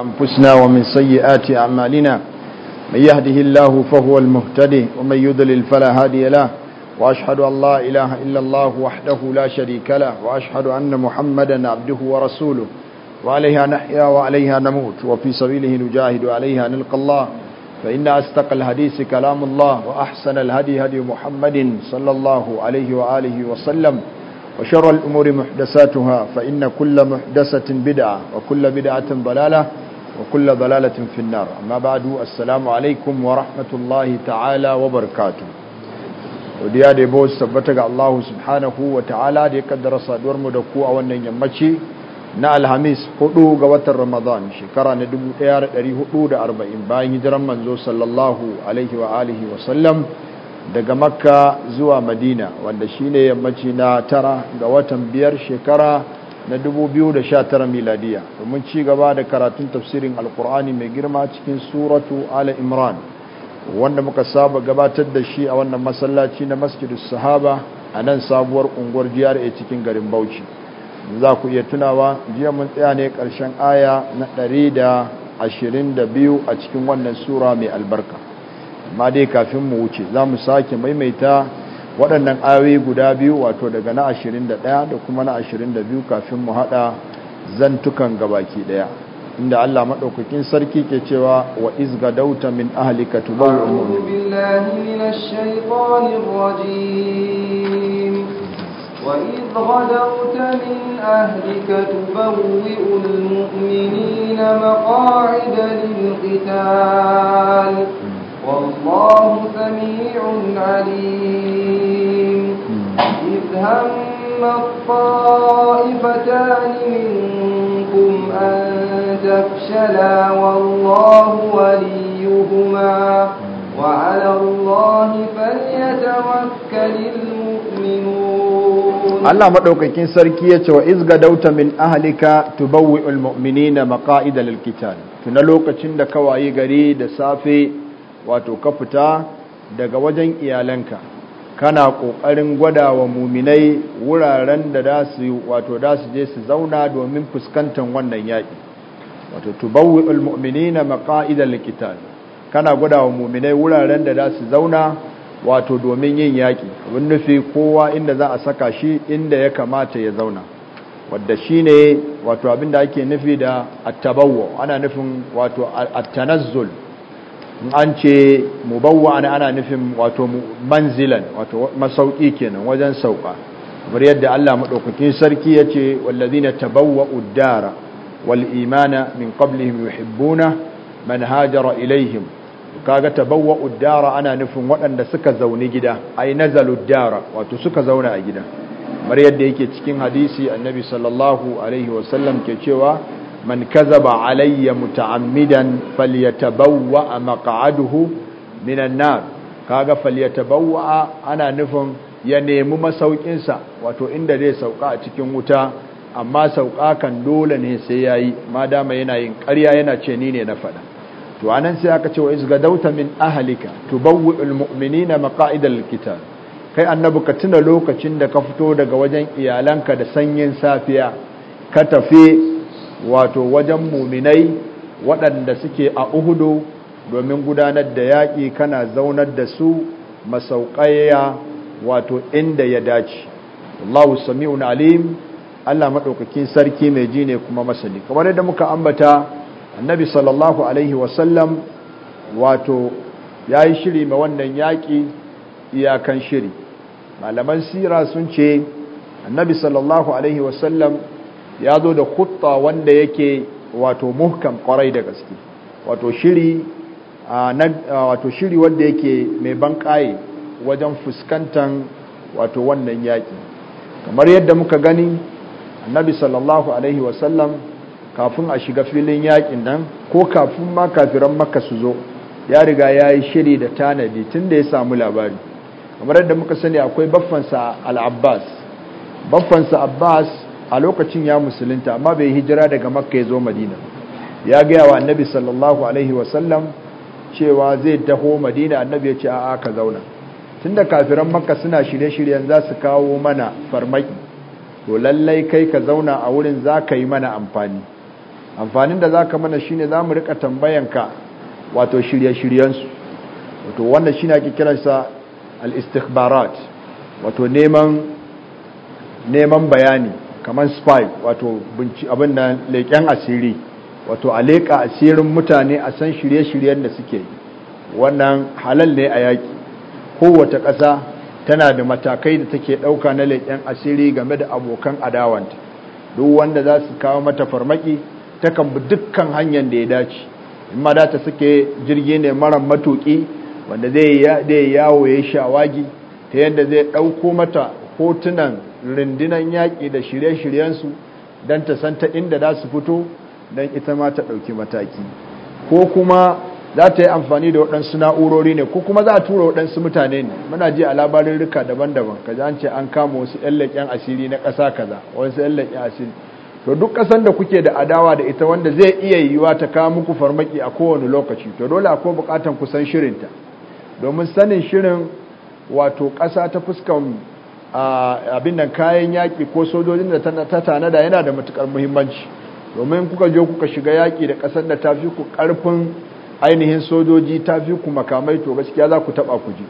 أنفسنا ومن سيئات أعمالنا من يهده الله فهو المهتدي ومن يضلل فلا هادي له وأشهد أن لا إله إلا الله وحده لا شريك له وأشهد أن محمدا عبده ورسوله وعليها نحيا وعليها نموت وفي سبيله نجاهد وعليها نلقى الله فإن أستقى الحديث كلام الله وأحسن الهدي هدي محمد صلى الله عليه وآله وسلم وشر الأمور محدثاتها فإن كل محدثة بدعة وكل بدعة ضلالة وكل ضلالة في النار أما بعد السلام عليكم ورحمة الله تعالى وبركاته وديا دي بو سبتك الله سبحانه وتعالى دي قدر صدور مدكو أولا يمشي نا الهميس قدو قوات الرمضان شكرا ندبو ايار اري قدود أربعين باين جرم منزو صلى الله عليه وآله وسلم دقا مكة زوا مدينة wanda shine yammaci na tara ga watan biyar na 2019 miladiya domin ci gaba da karatun tafsirin alkur'ani mai girma cikin suratu ala imran wanda muka saba gabatar da shi a wannan masallaci na masjidus sahaba a nan sabuwar unguwar GRA cikin garin Bauchi za ku iya tunawa jiya mun tsaya ne ƙarshen aya na 122 a cikin wannan sura mai albarka amma dai kafin mu wuce za mu sake maimaita waɗannan ayoyi guda biyu wato daga na 21 da kuma na 22 kafin mu haɗa zantukan gabaki ɗaya inda Allah maɗaukakin sarki ke cewa wa izga dauta min ahalika tubawu al-mu'min وإذ غدوت من أهلك تبوئ المؤمنين مقاعد للقتال والله سميع عليم إذ هم الطائفتان منكم أن تفشلا والله وليهما وعلى الله فليتوكل Allah maɗaukakin sarki ya ce wa izga dauta min ahalika tu ul ulmominina, maqa'ida lil-qital tuna lokacin da kawaye gari da safe wato ka fita daga wajen iyalanka kana ƙoƙarin gwada wa muminai wuraren da za su wato da su je su zauna domin fuskantar wannan yaƙi wato tubawwi'ul mu'minina maqa'idal qital kana gwada wa muminai wuraren da za su zauna wato domin yin yaƙi abin nufi kowa inda za a saka shi inda ya kamata ya zauna wadda shine wato abin ake nufi da at ana nufin wato at-tanazzul an ce ne ana nufin wato manzilan wato masauki kenan wajen sauka kamar yadda Allah madaukakin sarki yace wallazina tabawwa'u dara wal imana min qablihim yuhibbuna man hajara ilaihim kaga tabawwa'u dara ana nufin waɗanda suka zauni gida ai nazalu dara wato suka zauna a gida kamar yadda yake cikin hadisi annabi sallallahu alaihi wasallam ke cewa man kazaba alayya muta'ammidan falyatabawwa maq'aduhu minan nar kaga falyatabawwa ana nufin ya nemi sa wato inda zai sauka a cikin wuta amma sauka kan dole ne sai yayi madama yana yin ƙarya yana ce ni ne na faɗa to anan sai aka ce wa izgadauta min ahlika tubawwi'ul mu'minina maqa'id alkitab kai annabi ka tuna lokacin da ka fito daga wajen iyalanka da sanyin safiya ka tafi wato wajen muminai waɗanda suke a uhudu domin gudanar da yaƙi kana zaunar da su masauƙayya wato inda ya dace Allahu sami'un alim Allah maɗaukakin sarki mai ji ne kuma masani kamar yadda muka ambata annabi sallallahu alaihi wasallam wato ya yi shiri ma wannan yaƙi iyakan shiri malaman sira sun ce annabi sallallahu alaihi wasallam ya zo da kutta wanda yake wato muhkam kwarai da gaske wato shiri wato shiri wanda yake mai ban wajen fuskantan wato wannan yaƙi kamar yadda muka gani annabi sallallahu alaihi wasallam kafin a shiga filin yaƙin nan ko kafin ma kafiran maka su zo ya riga ya yi shiri da tanadi tun da ya samu labari kamar yadda muka sani akwai baffansa al'abbas baffansa abbas a lokacin ya musulunta amma bai hijira daga makka ya zo madina ya gaya wa annabi sallallahu alaihi wasallam cewa zai taho madina annabi ya ce a ka zauna tunda kafiran makka suna shirye-shiryen za su kawo mana farmaki to lallai kai ka zauna a wurin za ka yi mana amfani amfanin da za ka mana shine za mu rika tambayanka wato shirye-shiryensu wato wannan shine ake kiransa al-istikhbarat wato neman neman bayani kamar spy wato abin da leƙen asiri wato a leƙa asirin mutane a san shirye-shiryen da suke yi wannan halal ne a yaƙi kowace ƙasa tana da matakai da take ɗauka na leƙen asiri game da abokan adawanta duk wanda za su kawo mata farmaki takan bi dukkan hanyar da ya dace in ma da ta suke jirgi ne mara matuƙi wanda zai yawo ya shawagi ta yadda zai ɗauko mata hotunan rundunan yaƙi da shirye-shiryensu don ta san ta inda za su fito don ita ma ta ɗauki mataki ko kuma za ta yi amfani da waɗansu na'urori ne ko kuma za a tura waɗansu mutane ne muna ji a labarin rika daban-daban ka an ce an kama wasu ƴan asiri na ƙasa kaza wasu ƴan asiri to duk ƙasan da kuke da adawa da ita wanda zai iya yiwuwa ta kawo muku farmaki a kowane lokaci to dole akwai buƙatan kusan shirinta domin sanin shirin wato ƙasa ta fuskan abin nan kayan yaƙi ko sojojin da ta tanada yana da matuƙar muhimmanci domin kuka je kuka shiga yaƙi da ƙasar da ta fi ku ƙarfin ainihin sojoji ta fi ku makamai to gaskiya za ku taɓa ku ji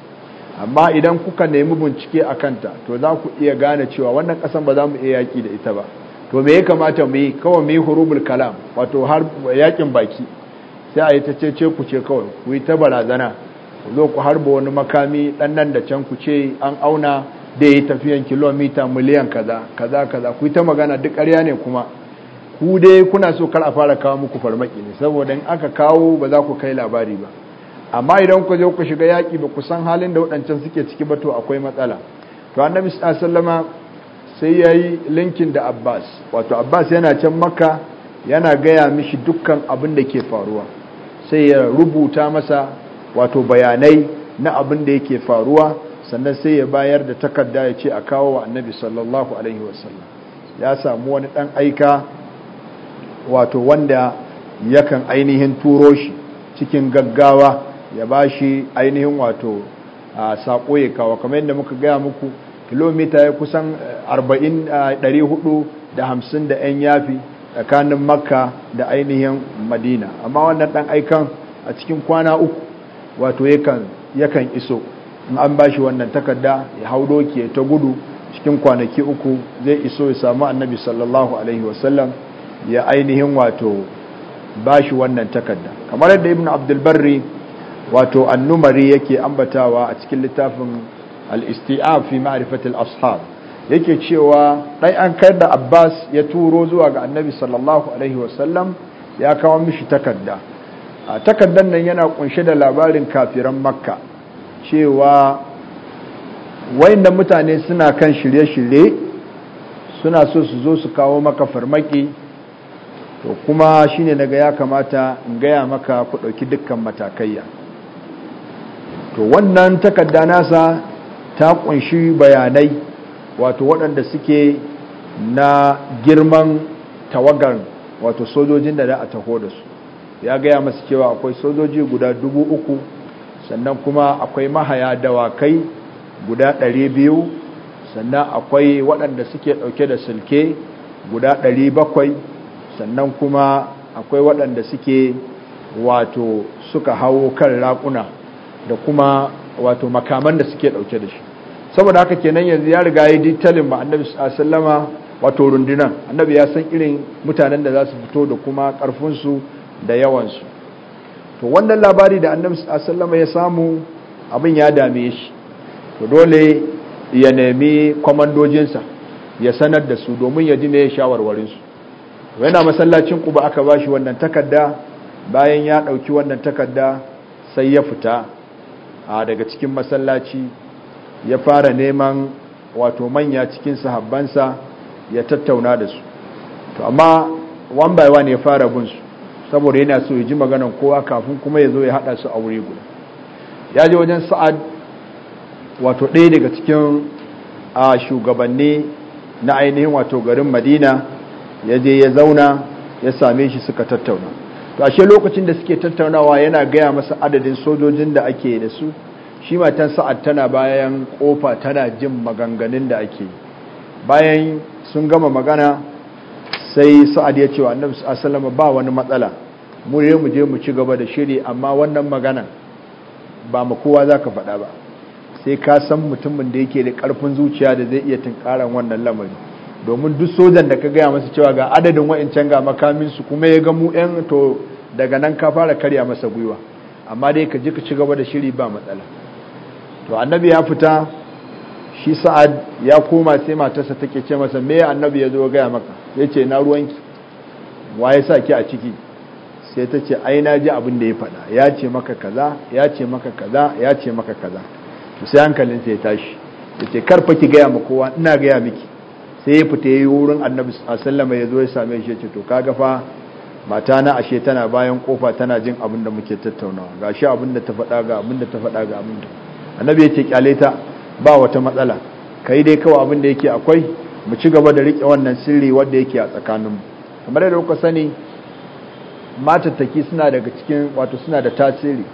amma idan kuka nemi bincike a kanta to za ku iya gane cewa wannan ƙasar ba za mu iya yaƙi da ita ba to me ya kamata mu yi kawai mu yi hurubul kalam wato har yaƙin baki sai a yi ta ce ku ce kawai ku yi ta barazana ku zo ku harba wani makami ɗan nan da can ku ce an auna da ya tafiyan kilomita miliyan kaza kaza kaza ku ta magana duk karya ne kuma ku dai kuna so kar a fara kawo muku farmaki ne saboda in aka kawo ba za ku kai labari ba amma idan ku je ku shiga yaki ba ku san halin da waɗancan suke ciki ba to akwai matsala to annabi sallama sai yayi linkin da Abbas wato Abbas yana can Makka yana gaya mishi dukkan abin da ke faruwa sai ya rubuta masa wato bayanai na abin da yake faruwa sannan sai ya bayar da takarda ya ce a kawo wa annabi sallallahu alaihi wasallam ya samu wani dan aika wato wanda yakan ainihin turo shi cikin gaggawa ya ba shi ainihin wato a sako ya kawo kamar yadda muka gaya muku kilomita ya kusan 400 eh, da hamsin da 'yan yafi tsakanin makka da ainihin madina amma wannan dan aikan a cikin kwana uku wato yakan iso in an bashi wannan takarda ya hau doki ya ta gudu cikin kwanaki uku zai iso ya samu annabi sallallahu alaihi wasallam ya ainihin wato bashi wannan takarda kamar yadda ibn abdulbarri wato annumari yake ambatawa a cikin littafin al-isti'ab fi ma'rifati al-ashab yake cewa dai an kai da abbas ya turo zuwa ga annabi sallallahu alaihi wasallam ya kawo mishi takarda a takardar nan yana kunshe da labarin kafiran makka cewa wayannan mutane suna kan shirye-shirye suna so su zo su kawo maka farmaki to kuma shine daga ya kamata in gaya maka ku ɗauki dukkan matakaiya to wannan takarda nasa ta kunshi bayanai wato waɗanda suke na girman tawagar wato sojojin da za a taho da su ya gaya masu cewa akwai sojoji guda dubu uku sannan kuma akwai mahaya dawakai guda 200 sannan akwai waɗanda suke ɗauke da silke guda 700 sannan kuma akwai waɗanda suke wato suka hawo kan raƙuna da kuma wato makaman da suke ɗauke da shi saboda haka kenan yanzu ya riga yi ditalin ba annabi sallama wato rundunan annabi ya san irin mutanen da za su fito da kuma ƙarfinsu da yawansu to wannan labari da annabi wasallam ya samu abin ya dame shi to dole ya nemi kwamandojinsa ya sanar da su domin ya ji ne shawarwarinsu yana masallacin kuba aka bashi wannan takarda bayan ya ɗauki wannan takarda sai ya fita a daga cikin masallaci ya fara neman wato manya cikin sahabbansa ya tattauna da su to amma one by one ya fara bin su saboda yana so ya ji maganan kowa kafin kuma ya zo ya haɗa su a wuri guda ya je wajen sa'ad wato ɗaya daga cikin a shugabanni na ainihin wato garin madina ya je ya zauna ya same shi suka tattauna to ashe lokacin da suke tattaunawa yana gaya masa adadin sojojin da ake da su shi matan sa'ad tana bayan kofa tana jin maganganun da ake bayan sun gama magana sai sa'ad ya ce wa annabi wasallam ba wani matsala mu ne mu je mu ci gaba da shiri amma wannan magana ba mu kowa zaka ka faɗa ba sai ka san mutumin da yake da ƙarfin zuciya da zai iya tunkaran wannan lamari domin duk sojan da ka gaya masa cewa ga adadin wa'incan ga makamin su kuma ya ga mu 'yan to daga nan ka fara karya masa gwiwa amma dai ka ji ka ci gaba da shiri ba matsala to annabi ya fita shi sa'ad ya koma sai matarsa take ce masa me annabi ya zo gaya maka ya ce na ruwanki waye sa ki a ciki sai ta ce ai na ji abin da ya faɗa ya ce maka kaza ya ce maka kaza ya ce maka kaza to sai hankalin sai ya tashi ya ce karfa ki gaya ma kowa ina gaya miki sai ya fita yayi wurin annabi sallama ya zo ya same shi ya ce to kaga fa mata na ashe tana bayan kofa tana jin abin da muke tattaunawa gashi abin da ta faɗa ga abin da ta faɗa ga abin da annabi ya ce kyale ta ba wata matsala ka yi dai kawo abin da yake akwai mu ci gaba da riƙe wannan sirri wanda yake a tsakaninmu kamar yadda kuka sani matattaki suna daga cikin wato suna da tasiri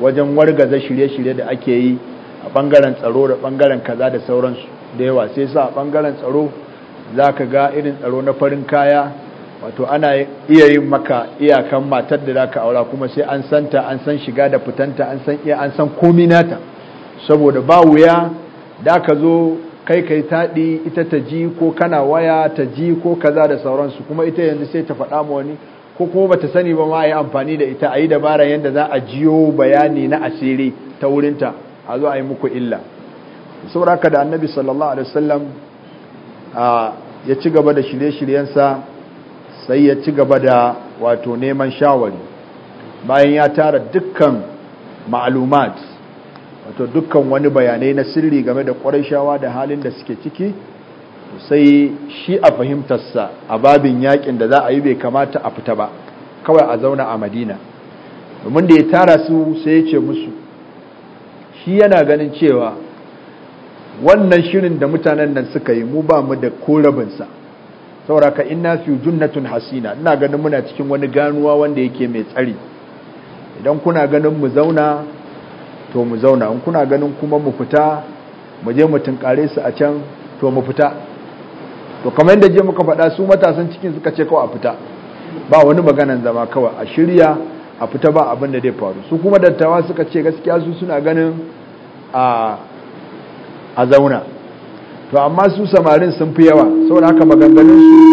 wajen wargaza shirye-shirye da ake yi a bangaren tsaro da bangaren kaza da sauransu da yawa sai sa a bangaren tsaro za ka ga irin tsaro na farin kaya wato ana iya yin maka iyakan matar da za ka aura kuma sai an santa an san shiga da fitanta an san iya an san komi nata saboda ba wuya da ka zo kai kai taɗi ita ta ji ko kana waya ta ji ko kaza da sauransu kuma ita yanzu sai ta faɗa ma wani ko kuma ba ta sani ba ma a yi amfani da ita a yi dabara yadda za a jiyo bayani na asiri ta wurinta a zo a yi muku illa sauraka da annabi sallallahu alaihi wasallam ya ci gaba da shirye-shiryensa sai ya ci gaba da wato neman shawari bayan ya tara dukkan ma'alumat wato dukkan wani bayanai na sirri game da ƙwarishawa da halin da suke ciki sai shi a fahimtarsa a babin yakin da za a yi bai kamata a fita ba kawai a zauna a madina domin da ya tara su sai ya ce musu shi yana ganin cewa wannan shirin da mutanen nan suka yi mu ba mu da korabinsa sauraka inna fi junnatun hasina ina ganin muna cikin wani ganuwa wanda yake mai tsari idan kuna ganin mu zauna to mu zauna in kuna ganin kuma mu fita mu je mu tunkare su a can to mu fita to kamar yadda je muka faɗa su matasan cikin suka ce kawai a fita ba wani maganan zama kawai a shirya a fita ba abin da zai faru su kuma dattawa suka ce gaskiya su suna ganin a a zauna to amma su samarin sun fi yawa saboda haka maganganun su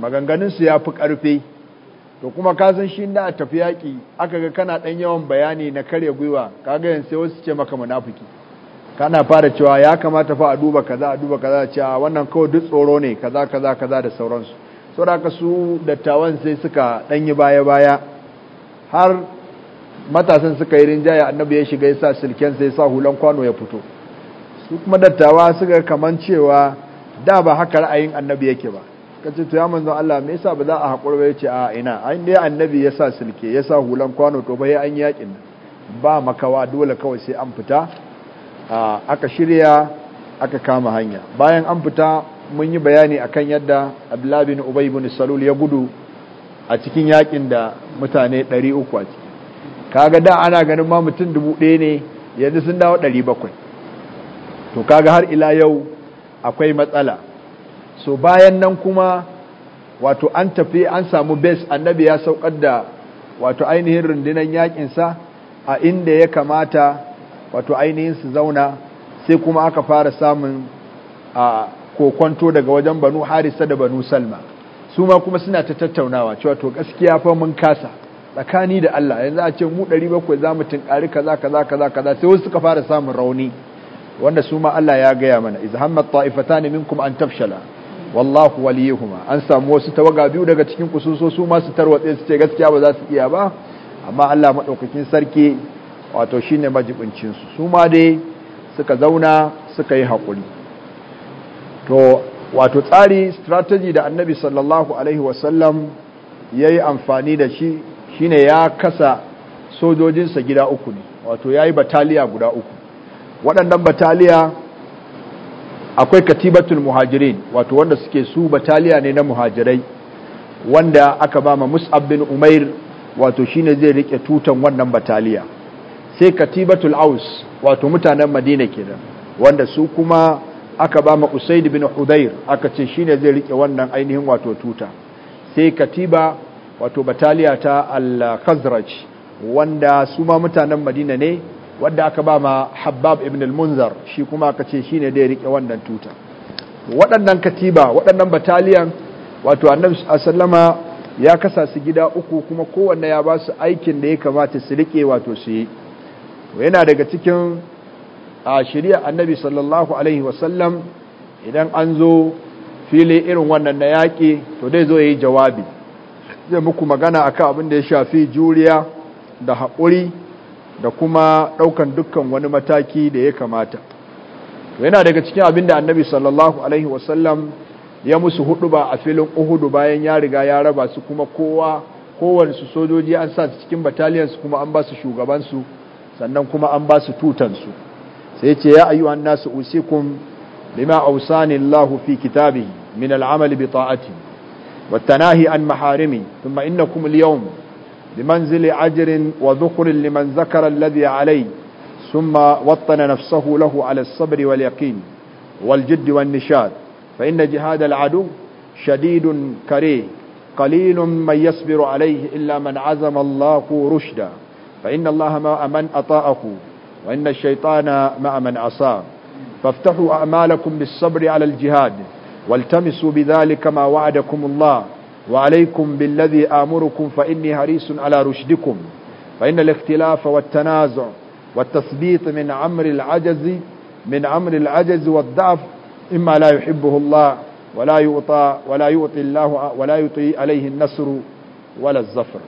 maganganun su ya fi ƙarfi to kuma ka san shi inda a tafi yaki aka ga kana ɗan yawan bayani na karya gwiwa kaga yanzu sai wasu ce maka munafiki kana fara cewa ya kamata fa a duba kaza a duba kaza cewa wannan kawai duk tsoro ne kaza kaza kaza da sauransu saboda haka su dattawan sai suka ɗan yi baya baya har matasan suka yi rinjaya annabi ya shiga yasa silken sai sa hulan kwano ya fito su kuma dattawa suka kaman cewa da ba haka ra'ayin annabi yake ba ce to ya manzo Allah me yasa ba za a hakura ba yace a ina an dai annabi yasa silke yasa hulan kwano to bai an yakin ba makawa dole kawai sai an fita aka shirya aka kama hanya bayan an fita mun yi bayani akan yadda Abdullah bin Ubay bin Salul ya gudu a cikin yakin da mutane 300 a ciki kaga da ana ganin ma mutum 1000 ne yanzu sun dawo 700 to kaga har ila yau akwai matsala so bayan nan kuma wato an tafi an samu base annabi ya saukar da wato ainihin rundunar sa a inda ya kamata wato ainihin su zauna sai kuma aka fara samun a kokonto daga wajen banu harisa da banu salma su ma kuma suna ta tattaunawa cewa to gaskiya fa mun kasa tsakani da Allah yanzu a ce mu 700 za mu tunkari kaza kaza kaza kaza sai wasu suka fara samun rauni wanda su ma Allah ya gaya mana iz hammat ta'ifatan minkum an tafshala wallahu waliyuhuma an samu wasu tawaga biyu daga cikin kususo su ma su tarwatse su ce gaskiya ba za su iya ba amma Allah madaukakin sarki wato shine majibincin su su ma dai suka zauna suka yi hakuri to wato tsari strategy da Annabi sallallahu alaihi wasallam yayi amfani da shi shine ya kasa sojojinsa gida uku ne wato yayi bataliya guda uku waɗannan bataliya akwai katibatul muhajirin wato wanda suke su bataliya ne na muhajirai wanda aka ba ma mus'ab bin umair wato shine zai rike tutan wannan bataliya sai katibatul aus wato mutanen madina kenan wanda su kuma aka ba ma usaid bin hudair aka ce shine zai rike wannan ainihin wato tuta sai katiba wato bataliya ta al-khazraj wanda su ma mutanen madina ne wadda aka ba ma habbab ibn al-munzar shi kuma aka ce shine da ya rike wannan tuta waɗannan katiba waɗannan bataliyan wato annabi sallama ya kasa su gida uku kuma kowanne ya ba su aikin da ya kamata su rike wato su yi yana daga cikin a shari'a annabi sallallahu alaihi wasallam idan an zo fili irin wannan na yaƙi to dai zo ya yi jawabi zai muku magana akan abin da ya shafi juriya da haƙuri da kuma ɗaukan dukkan wani mataki da ya kamata to yana daga cikin abin da annabi sallallahu alaihi wasallam ya musu hudu ba a filin uhudu bayan ya riga ya raba su kuma kowa kowansu sojoji an sa su cikin bataliyansu kuma an ba su shugabansu sannan kuma an ba su tutansu sai ce ya ayyuhan nasu usikum bima awsani allah fi kitabihi min al'amali bi ta'ati wa tanahi an maharimi thumma innakum al-yawma بمنزل أجر وذخر لمن ذكر الذي عليه ثم وطن نفسه له على الصبر واليقين والجد والنشاد فإن جهاد العدو شديد كريه قليل من يصبر عليه إلا من عزم الله رشدا فإن الله مع من أطاءه وإن الشيطان مع من عصاه فافتحوا أعمالكم بالصبر على الجهاد والتمسوا بذلك ما وعدكم الله وعليكم بالذي آمركم فإني حريص على رشدكم فإن الاختلاف والتنازع والتثبيط من عمر العجز من عمر العجز والضعف إما لا يحبه الله ولا يؤطى ولا يؤطي الله ولا يطي عليه النصر ولا الظفر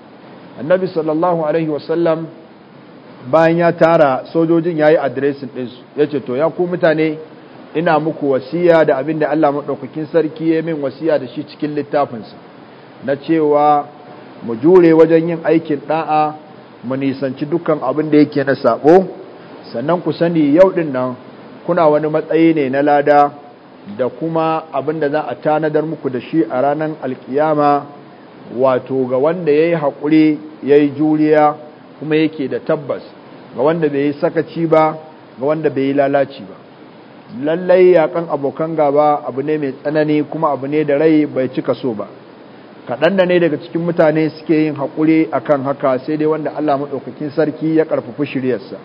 النبي صلى الله عليه وسلم bayan ya tara sojojin ya ادريس adiresin ɗinsu ya ce to ya ku mutane ina muku wasiya da abinda Allah madaukakin sarki ya min wasiya da shi cikin littafinsa na cewa mu jure wajen yin aikin da'a mu nisanci dukkan abin da yake na sabo sannan ku sani yau din nan kuna wani matsayi ne na lada da kuma abin da za a tanadar muku da shi a ranar alkiyama wato ga wanda ya yi haƙuri ya yi juriya kuma yake da tabbas ga wanda bai yi sakaci ba ga wanda bai yi lalaci ba lallai yakan abokan gaba abu ne mai tsanani kuma abu ne da rai bai cika so ba kaɗan da ne daga cikin mutane suke yin haƙuri akan haka sai dai wanda Allah maɗaukakin sarki ya ƙarfafi shiryarsa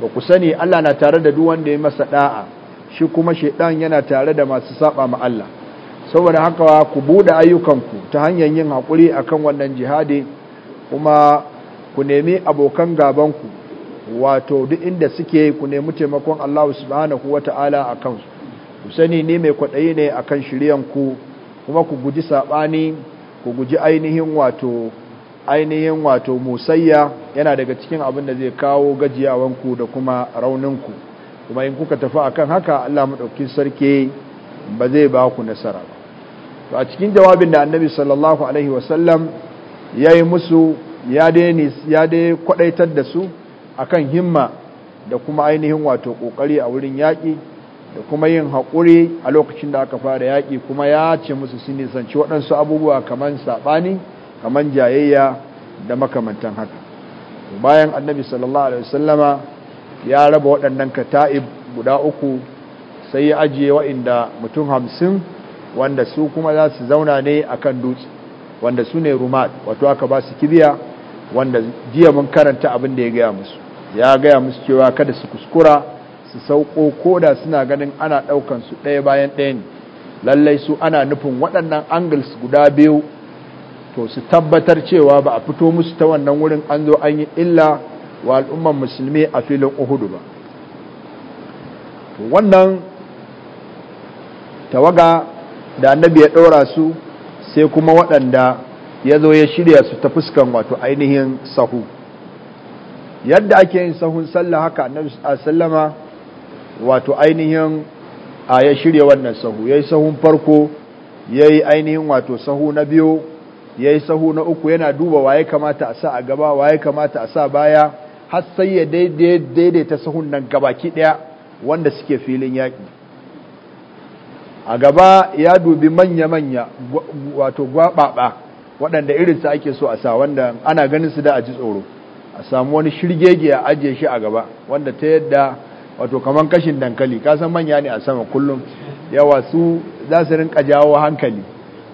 ba ku sani Allah na tare da duk wanda ya masa ɗa'a shi kuma shaiɗan yana tare da masu saɓa ma Allah saboda haka ku buɗe ayyukanku ta hanyar yin haƙuri akan wannan jihadi kuma ku nemi abokan gabanku wato duk inda suke ku nemi taimakon Allah subhanahu ta'ala a kansu ku sani ne mai kwaɗayi ne akan shiryanku kuma ku guji saɓani ku guji ainihin wato ainihin wato musayya yana daga cikin abin da zai kawo gajiyawanku da kuma rauninku kuma in kuka tafi akan haka Allah madaukakin sarki ba zai ba ku nasara ba to a cikin jawabin da Annabi sallallahu alaihi wasallam yayi musu ya dai ya dai kwadaitar da su akan himma da kuma ainihin wato kokari a wurin yaki da kuma yin haƙuri a lokacin da aka fara yaƙi kuma ya ce musu su nisanci waɗansu abubuwa kamar saɓani kamar jayayya da makamantan haka bayan annabi sallallahu alaihi wasallama ya raba waɗannan kata'ib guda uku sai ya ajiye wa'inda mutum hamsin wanda su kuma za su zauna ne a kan dutse wanda su ne rumat wato aka ba su kibiya wanda jiya mun karanta abin da ya gaya musu ya gaya musu cewa kada su kuskura su sauko ko da suna ganin ana ɗaukan su ɗaya bayan ɗaya ne lallai su ana nufin waɗannan angles guda biyu to su tabbatar cewa ba a fito musu ta wannan wurin an zo an yi illa wa al'umman musulmi a filin uhudu ba wannan tawaga da annabi ya ɗora su sai kuma waɗanda ya zo ya shirya su ta fuskan wato ainihin sahu yadda ake yin sahun sallah haka annabi sallama wato ainihin a ya shirya wannan sahu ya yi sahun farko ya yi ainihin wato sahu na biyu ya yi sahu na uku yana duba waye kamata a sa a gaba waye kamata a sa baya har sai ya daidaita sahun nan gabaki daya wanda suke filin yaƙi a gaba ya dubi manya-manya wato gwababa waɗanda irinsa ake so a sa wanda ana ganin su da a ji tsoro a samu wani shirgege a ajiye shi a gaba wanda ta yadda wato kamar kashin dankali kasan manya ne a sama kullum yawa su za su rinka jawo hankali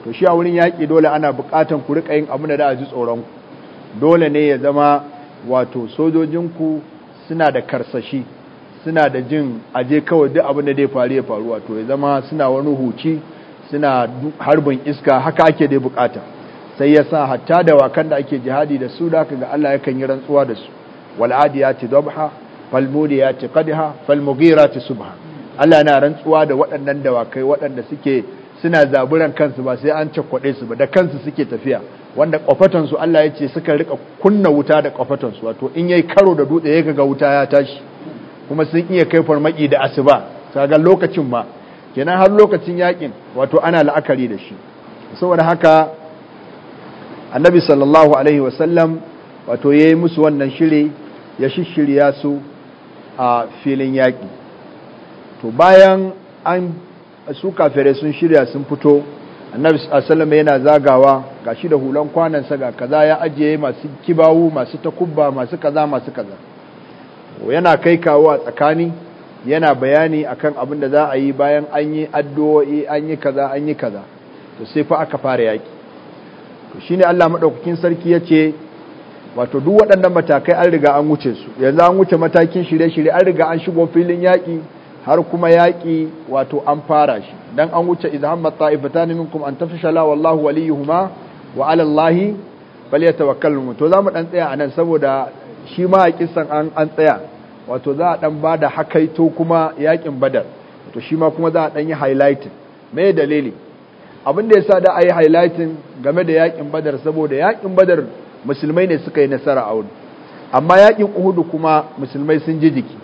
to shi a wurin yaƙi dole ana buƙatan ku rika yin abin da a ji tsoron dole ne ya zama wato sojojinku suna da karsashi suna da jin aje kawai duk abin da zai faru ya faru wato ya zama suna wani huci suna harbin iska haka ake dai bukata sai ya sa hatta da wakan da ake jihadi da su da ga Allah yakan yi rantsuwa da su wal adiyati dabha falmudiyati qadha su subha Allah na rantsuwa da waɗannan dawakai waɗanda suke suna zaburan kansu ba sai an cakwaɗe su ba da kansu suke tafiya wanda kofatan su Allah yace suka rika kunna wuta da kofatan wato in yayi karo da dutse yake ga wuta ya tashi kuma sun iya kai farmaki da asuba kaga lokacin ma kenan har lokacin yakin wato ana la'akari da shi saboda haka annabi sallallahu alaihi wasallam wato yayi musu wannan shiri ya shishirya su a filin yaƙi to bayan an su kafere sun shirya sun fito annabi sallama yana zagawa ga shi da hulan kwanansa ga kaza ya ajiye masu kibawu masu takubba masu kaza masu kaza yana kai kawo a tsakani yana bayani akan abin da za a yi bayan an yi addu'o'i an yi kaza an yi kaza to sai fa aka fara yaƙi to ne Allah madaukakin sarki ya ce. wato duk waɗannan matakai an riga an wuce su yanzu an wuce matakin shirye-shirye an riga an shigo filin yaƙi har kuma yaƙi wato an fara shi dan an wuce idza hamma min minkum an shala wallahu waliyuhuma wa 'ala allahi falyatawakkalun to zamu dan tsaya anan saboda shi ma a an an tsaya wato za a dan bada hakaito kuma yaƙin badar to shi ma kuma za a dan yi highlighting me dalili abin da yasa da yi highlighting game da yaƙin badar saboda yaƙin badar musulmai ne suka yi nasara a wuri amma yakin uhudu kuma musulmai sun ji jiki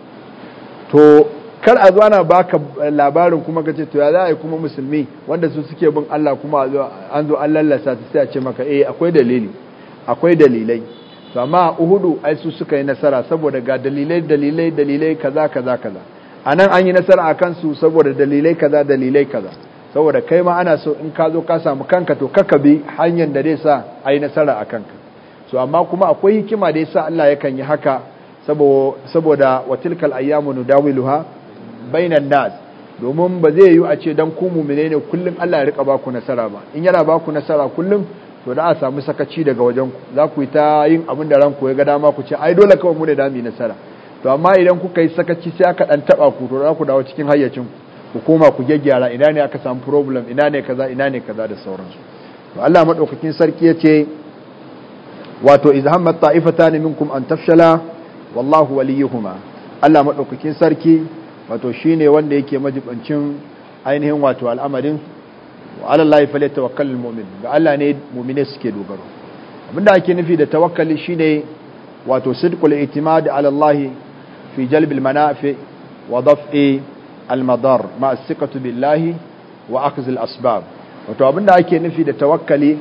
to kar a zo ana baka labarin kuma ka ce to ya za a yi kuma musulmi wanda su suke bin Allah kuma an zo an lallasa ta sai a ce maka eh akwai dalili akwai dalilai to amma uhudu ai su suka yi nasara saboda ga dalilai dalilai dalilai kaza kaza kaza anan an yi nasara akan su saboda dalilai kaza dalilai kaza saboda kai ma ana so in ka zo ka samu kanka to kaka bi hanyar da zai sa ai nasara a kanka. so amma kuma akwai hikima da yasa Allah yakan yi haka saboda watilkal ayyamu nudawiluha bainan nas domin ba zai yi a ce dan ku mu'mine ne kullum Allah ya rika ba ku nasara ba in yana ba ku nasara kullum to da a samu sakaci daga wajen ku za ku yi ta yin abin da ranku ya ga dama ku ce ai dole kawai mu ne da nasara to amma idan kuka yi sakaci sai aka dan taba ku to za ku dawo cikin hayyacin ku koma ku gyaggyara ina ne aka samu problem ina ne kaza ina ne kaza da sauransu to Allah madaukakin sarki ya ce wato iz ta ta'ifatan minkum an tafshala wallahu waliyuhuma Allah madaukakin sarki wato shine wanda yake majibancin ainihin wato al'amarin wa ala Allah falyatawakkalul mu'min ga Allah ne mu'mine suke dogaro abinda ake nufi da tawakkali shine wato sidqul i'timad ala Allah fi jalb al manafi wa daf'i al madar ma asiqatu billahi wa akhz asbab wato abinda ake nufi da tawakkali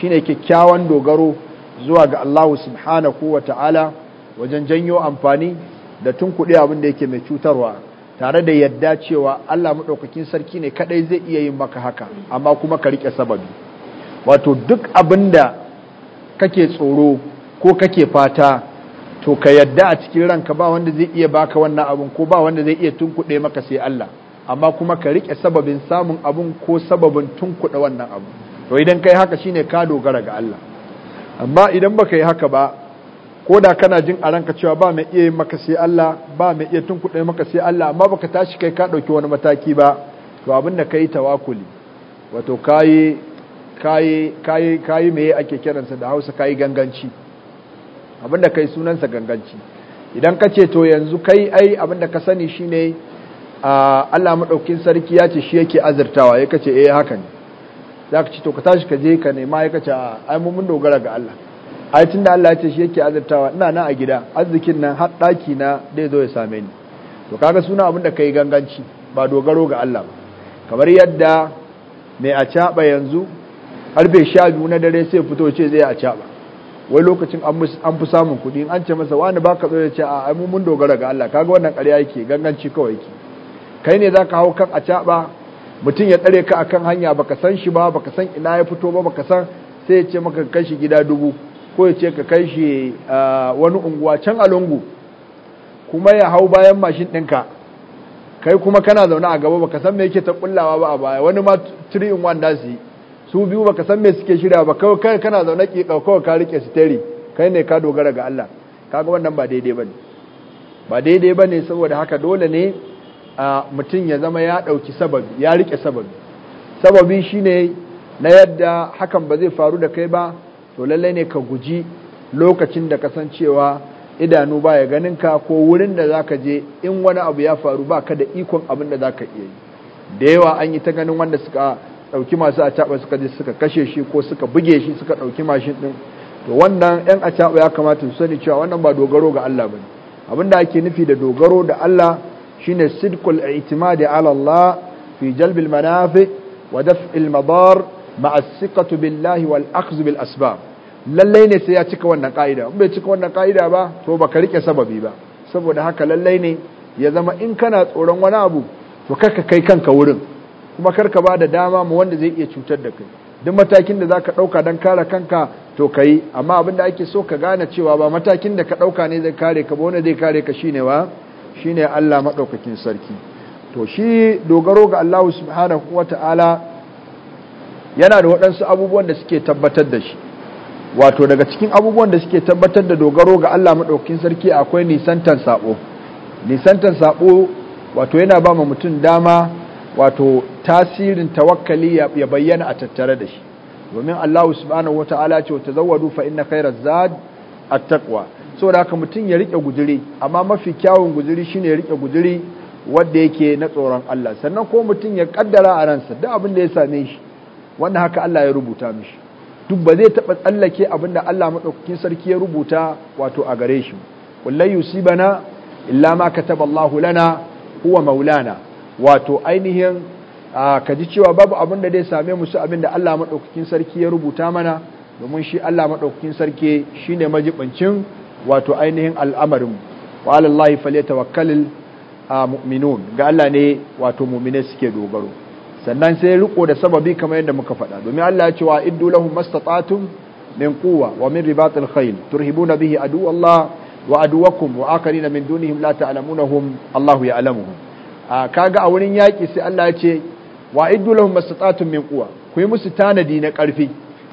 shine kyakkyawan dogaro zuwa ga Allah subhanahu wa ta'ala wajen janyo amfani da tun kuɗi abin da yake mai cutarwa tare da yadda cewa Allah maɗaukakin sarki ne kaɗai zai iya yin maka haka amma kuma ka riƙe sababi wato duk abin da kake tsoro ko kake fata to ka yadda a cikin ranka ba wanda zai iya baka wannan abin ko ba wanda zai iya tunkuɗe maka sai Allah amma kuma ka riƙe sababin samun abin ko sababin tunkuɗe wannan abin to idan kai haka shi ne ka dogara ga Allah amma idan baka yi haka ba ko da kana jin a ranka cewa ba mai iya maka sai Allah ba mai iya tunkuɗe maka sai Allah amma baka tashi kai ka ɗauki wani mataki ba to abin da kai tawakuli wato kayi kayi kayi kayi me ake kiransa da Hausa kayi ganganci abin da kai sunansa ganganci idan ka ce to yanzu kai ai abin da ka sani shine Allah madaukin sarki ya ce shi yake azurtawa ya kace eh haka ne za ka ci to ka tashi ka je ka nema ya kace ai mun dogara ga Allah ai tunda Allah ya ce shi yake azurtawa ina nan a gida arzikin nan har daki na dai zo ya same ni to kaga suna abin da kai ganganci ba dogaro ga Allah ba kamar yadda mai a caba yanzu harbe sha biyu na dare sai fito ce zai a caba wai lokacin an fi samun kuɗi an ce masa wani baka zo ya ce a mun dogara ga Allah kaga wannan ƙarya yake ganganci kawai yake kai ne zaka hau kan a mutum ya tsare ka akan hanya baka san shi ba baka san ina ya fito ba baka san sai ya ce maka kai shi gida dubu ko ya ce ka kai shi wani unguwa can a lungu kuma ya hau bayan mashin ɗinka kai kuma kana zaune a gaba baka san me yake ta kullawa ba a baya wani ma 3 in wanda su yi su biyu baka san me suke shirya ba kawai kai kana zaune ki kawai ka rike sitari kai ne ka dogara ga Allah kaga wannan ba daidai bane ba daidai bane saboda haka dole ne mutum ya zama ya ɗauki sababi ya riƙe sababi sababi shi ne na yadda hakan ba zai faru da kai ba to lallai ne ka guji lokacin da cewa idanu ba ya ganin ka ko wurin da za ka je in wani abu ya faru ba ka da ikon abin da za ka iya yi da yawa an yi ta ganin wanda suka ɗauki masu acaɓa suka je suka kashe shi ko suka buge shi suka ɗauki mashin ɗin to wannan yan acaɓa ya kamata su sani cewa wannan ba dogaro ga Allah ba ne abin da ake nufi da dogaro da Allah shine sidqul i'timadi ala Allah fi jalb al manafi wa daf' al madar ma'a billahi wal akhz bil asbab lalle ne sai ya cika wannan kaida in bai cika wannan kaida ba to baka rike sababi ba saboda haka lalle ne ya zama in kana tsoron wani abu to karka kai kanka wurin kuma karka ba da dama mu wanda zai iya cutar da kai duk matakin da zaka dauka dan kare kanka to kai amma abin da ake so ka gane cewa ba matakin da ka dauka ne zai kare ka ba wanda zai kare ka shine wa Shi ne Allah maɗaukakin sarki to shi dogaro ga Allah subhanahu ta'ala yana da waɗansu abubuwan da suke tabbatar da shi wato daga cikin abubuwan da suke tabbatar da dogaro ga Allah maɗaukakin sarki akwai nisantan saɓo nisantan saɓo wato yana ba ma mutum dama wato tasirin tawakkali ya bayyana a tattare da shi domin Allah subhanahu ta'ala ce wata zawadu fa'in na kairar zad a taqwa saboda haka mutum ya rike guduri amma mafi kyawun guduri shine ya rike guduri wanda yake na tsoron Allah sannan ko mutum ya kaddara a ransa duk abin da ya same shi wanda haka Allah ya rubuta mishi duk ba zai taba tsallake abinda da Allah madaukakin sarki ya rubuta wato a gare shi wallahi yusibana illa ma kataballahu lana huwa maulana wato ainihin ka ji cewa babu abin da zai same mu su abin da Allah madaukakin sarki ya rubuta mana domin shi Allah madaukakin sarki shine majibincin wato ainihin al'amarin wa alallahi a mu'minun ga Allah ne wato mu'mine suke dogaro sannan sai riko da sababi kamar yadda muka faɗa domin Allah ya ce wa iddu lahum mastata'tum min quwwa wa min ribatil khayl turhibuna bihi adu Allah wa aduwakum wa akarina min dunihim la ta'lamunahum Allahu ya'lamuhum kaga a wurin yaki sai Allah ya ce wa iddu lahum mastata'tum min quwwa ku yi musu tanadi na karfi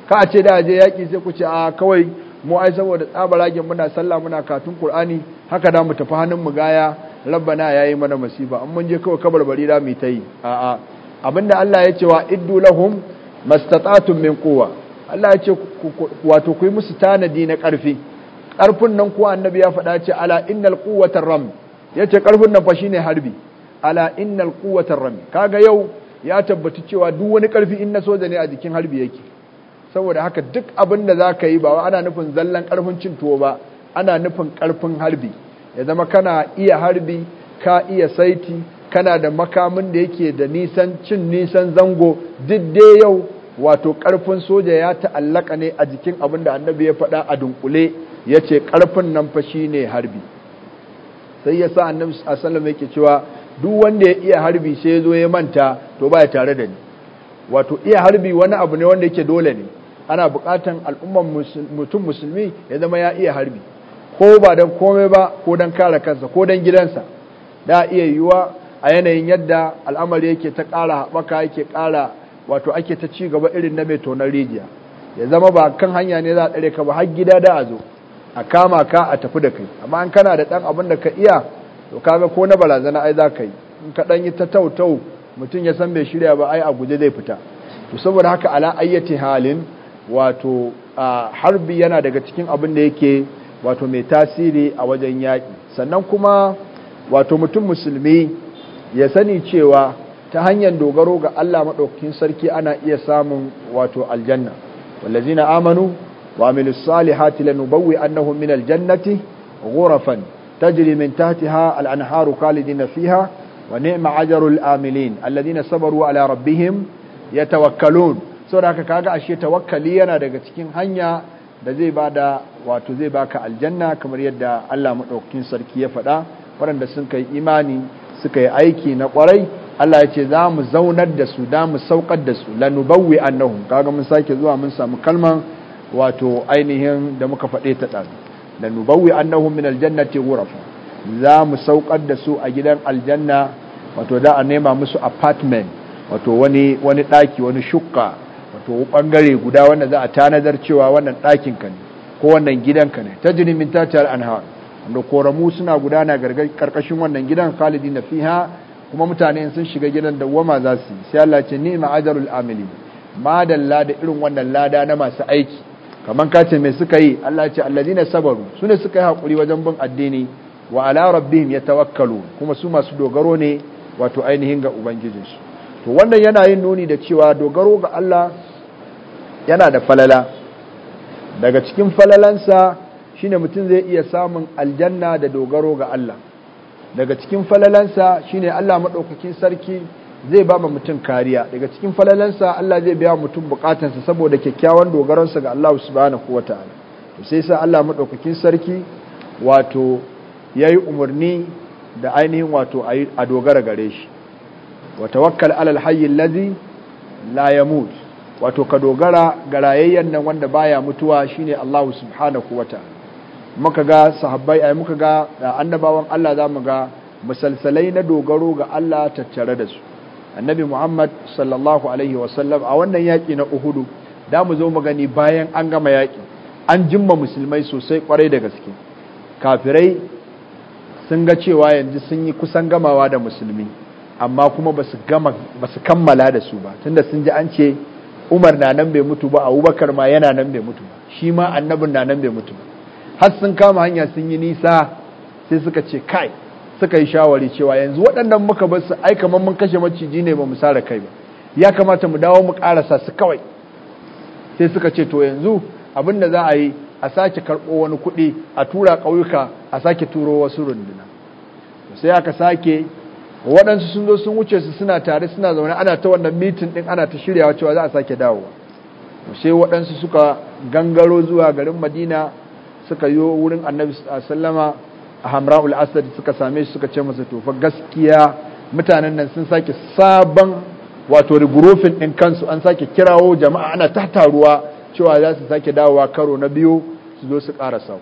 ka a ce da je yaki sai ku ce a kawai mu ai saboda tsabaragen muna sallah muna katun qur'ani haka da mu tafi hannun mu gaya rabbana yayi mana masiba an mun je kawai kabarbari da mu tayi a'a abinda Allah ya ce wa iddu lahum mastata'tum min quwa Allah ya ce wato ku yi musu tanadi na karfi karfin nan ku annabi ya faɗa ce ala innal quwwatar ram ya ce karfin nan fa shine harbi ala innal quwwatar ram kaga yau ya tabbata cewa duk wani karfi in na soja ne a jikin harbi yake saboda haka duk abin da za ka yi ba ana nufin zallan karfin cin tuwo ba ana nufin karfin harbi ya zama kana iya harbi ka iya saiti kana da makamin da yake da nisan cin nisan zango duk yau wato karfin soja ya ta'allaka ne a jikin abin da annabi ya faɗa a dunkule ya ce karfin nan fa ne harbi sai ya sa annabi yake cewa duk wanda ya iya harbi sai ya zo ya manta to ba ya tare da ni wato iya harbi wani abu ne wanda yake dole ne ana bukatan al'umman mutum musulmi ya zama ya iya harbi ko ba don komai ba ko don kare kansa ko don gidansa da iya yiwuwa a yanayin yadda al'amari yake ta kara haɓaka yake kara wato ake ta ci gaba irin na mai tonar rijiya ya zama ba kan hanya ne za a tsare ka ba har gida da a zo a kama ka a tafi da kai amma an kana da ɗan abin da ka iya to kaga ko na barazana ai za ka yi in ka ɗan yi ta tautau mutum ya san bai shirya ba ai a guje zai fita to saboda haka ala ayyati halin wato harbi yana daga cikin abin da yake wato mai tasiri a wajen yaƙi sannan kuma wato mutum musulmi ya sani cewa ta hanyar dogaro ga Allah maɗaukakin sarki ana iya samun wato aljanna wallazina amanu wa amilus salihati lanubawwi annahum min aljannati ghurafan tajri min tahtiha al-anharu khalidina fiha wa ni'ma ajrul amilin alladhina sabaru ala rabbihim yatawakkalun saboda haka kaga ashe tawakkali yana daga cikin hanya da zai bada wato zai baka aljanna kamar yadda Allah madaukakin sarki ya faɗa waɗanda sun kai imani suka yi aiki na kwarai Allah ya ce za mu zaunar da su da mu saukar da su lanubawwi annahum kaga mun sake zuwa mun samu kalman wato ainihin da muka faɗe ta ɗan lanubawwi annahum min aljannati ghurafa za mu saukar da su a gidan aljanna wato da a nema musu apartment wato wani wani ɗaki wani shukka wato bangare guda wanda za a tanadar cewa wannan ɗakin ka ne ko wannan gidan ka ne ta jini min tatar anhar wanda koramu suna gudana karkashin wannan gidan khalidi na fiha kuma mutane sun shiga gidan da wama za su yi sai Allah ce ni ma'ajarul amili ma da irin wannan lada na masu aiki kamar ka mai suka yi Allah ce na sabaru sune suka yi hakuri wajen bin addini wa ala ya tawakkalu kuma su masu dogaro ne wato ainihin ga ubangijinsu to wannan yana yin nuni da cewa dogaro ga Allah yana da falala daga cikin falalansa shine mutum zai iya samun aljanna da dogaro ga Allah daga cikin falalansa shine Allah madaukakin sarki zai ba mutum kariya daga cikin falalansa Allah zai biya mutum bukatansa saboda kyakkyawan dogaransa ga Allah subhanahu wataala to sai sa Allah madaukakin sarki wato yayi umarni da ainihin wato a dogara gare shi wa tawakkal alal hayy lazi la yamut wato ka dogara ga rayayyen nan wanda baya mutuwa shine Allah subhanahu wataala muka ga sahabbai ai muka ga annabawan Allah zamu ga musalsalai na dogaro ga Allah tattare da su annabi Muhammad sallallahu alaihi wa sallam a wannan yaki na uhudu da mu zo mu gani bayan an gama yaki an jimma musulmai sosai kwarai da gaske kafirai sun ga cewa yanzu sun yi kusan gamawa da musulmi amma kuma ba su kammala da su ba tunda sun ji an ce Umar na nan bai mutu ba Abubakar ma yana nan bai mutu ba shi ma annabin na nan bai mutu ba har sun kama hanya sun yi nisa sai suka ce kai suka yi shawari cewa yanzu waɗannan muka bar su ai kamar mun kashe maciji ne ba mu sare kai ba ya kamata mu dawo mu karasa su kawai sai suka ce to yanzu abin da za a yi a sake karɓo wani kuɗi a tura ƙauyuka a sake turo wasu runduna sai aka sake waɗansu sun zo sun wuce su suna tare suna zaune ana ta wannan mitin ɗin ana ta shiryawa cewa za a sake dawowa sai waɗansu suka gangaro zuwa garin madina suka yi wurin annabi sallama a hamra'ul asad suka same shi suka ce masa tofa gaskiya mutanen nan sun sake sabon wato rigurufin ɗin kansu an sake kirawo jama'a ana ta taruwa cewa za su sake dawowa karo na biyu su zo su ƙara sau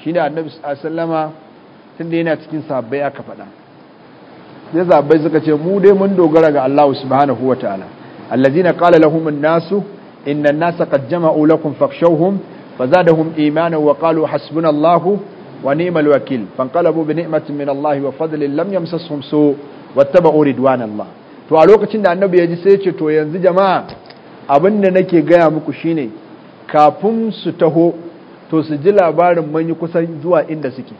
shi ne annabi sallama tun da yana cikin sabbai aka faɗa sai zabai suka ce mu dai mun dogara ga Allah subhanahu wataala allazina qala lahum an-nasu inna an-nasa qad jama'u lakum fakhshawhum fazadahum imanan wa qalu hasbunallahu wa ni'mal wakil fanqalabu bi ni'matin min Allah wa fadlin lam yamsashum su wattaba'u ridwanallah to a lokacin da annabi ya ji sai ce to yanzu jama'a Abin da nake gaya muku shine kafin su taho to su ji labarin manyi kusan zuwa inda suke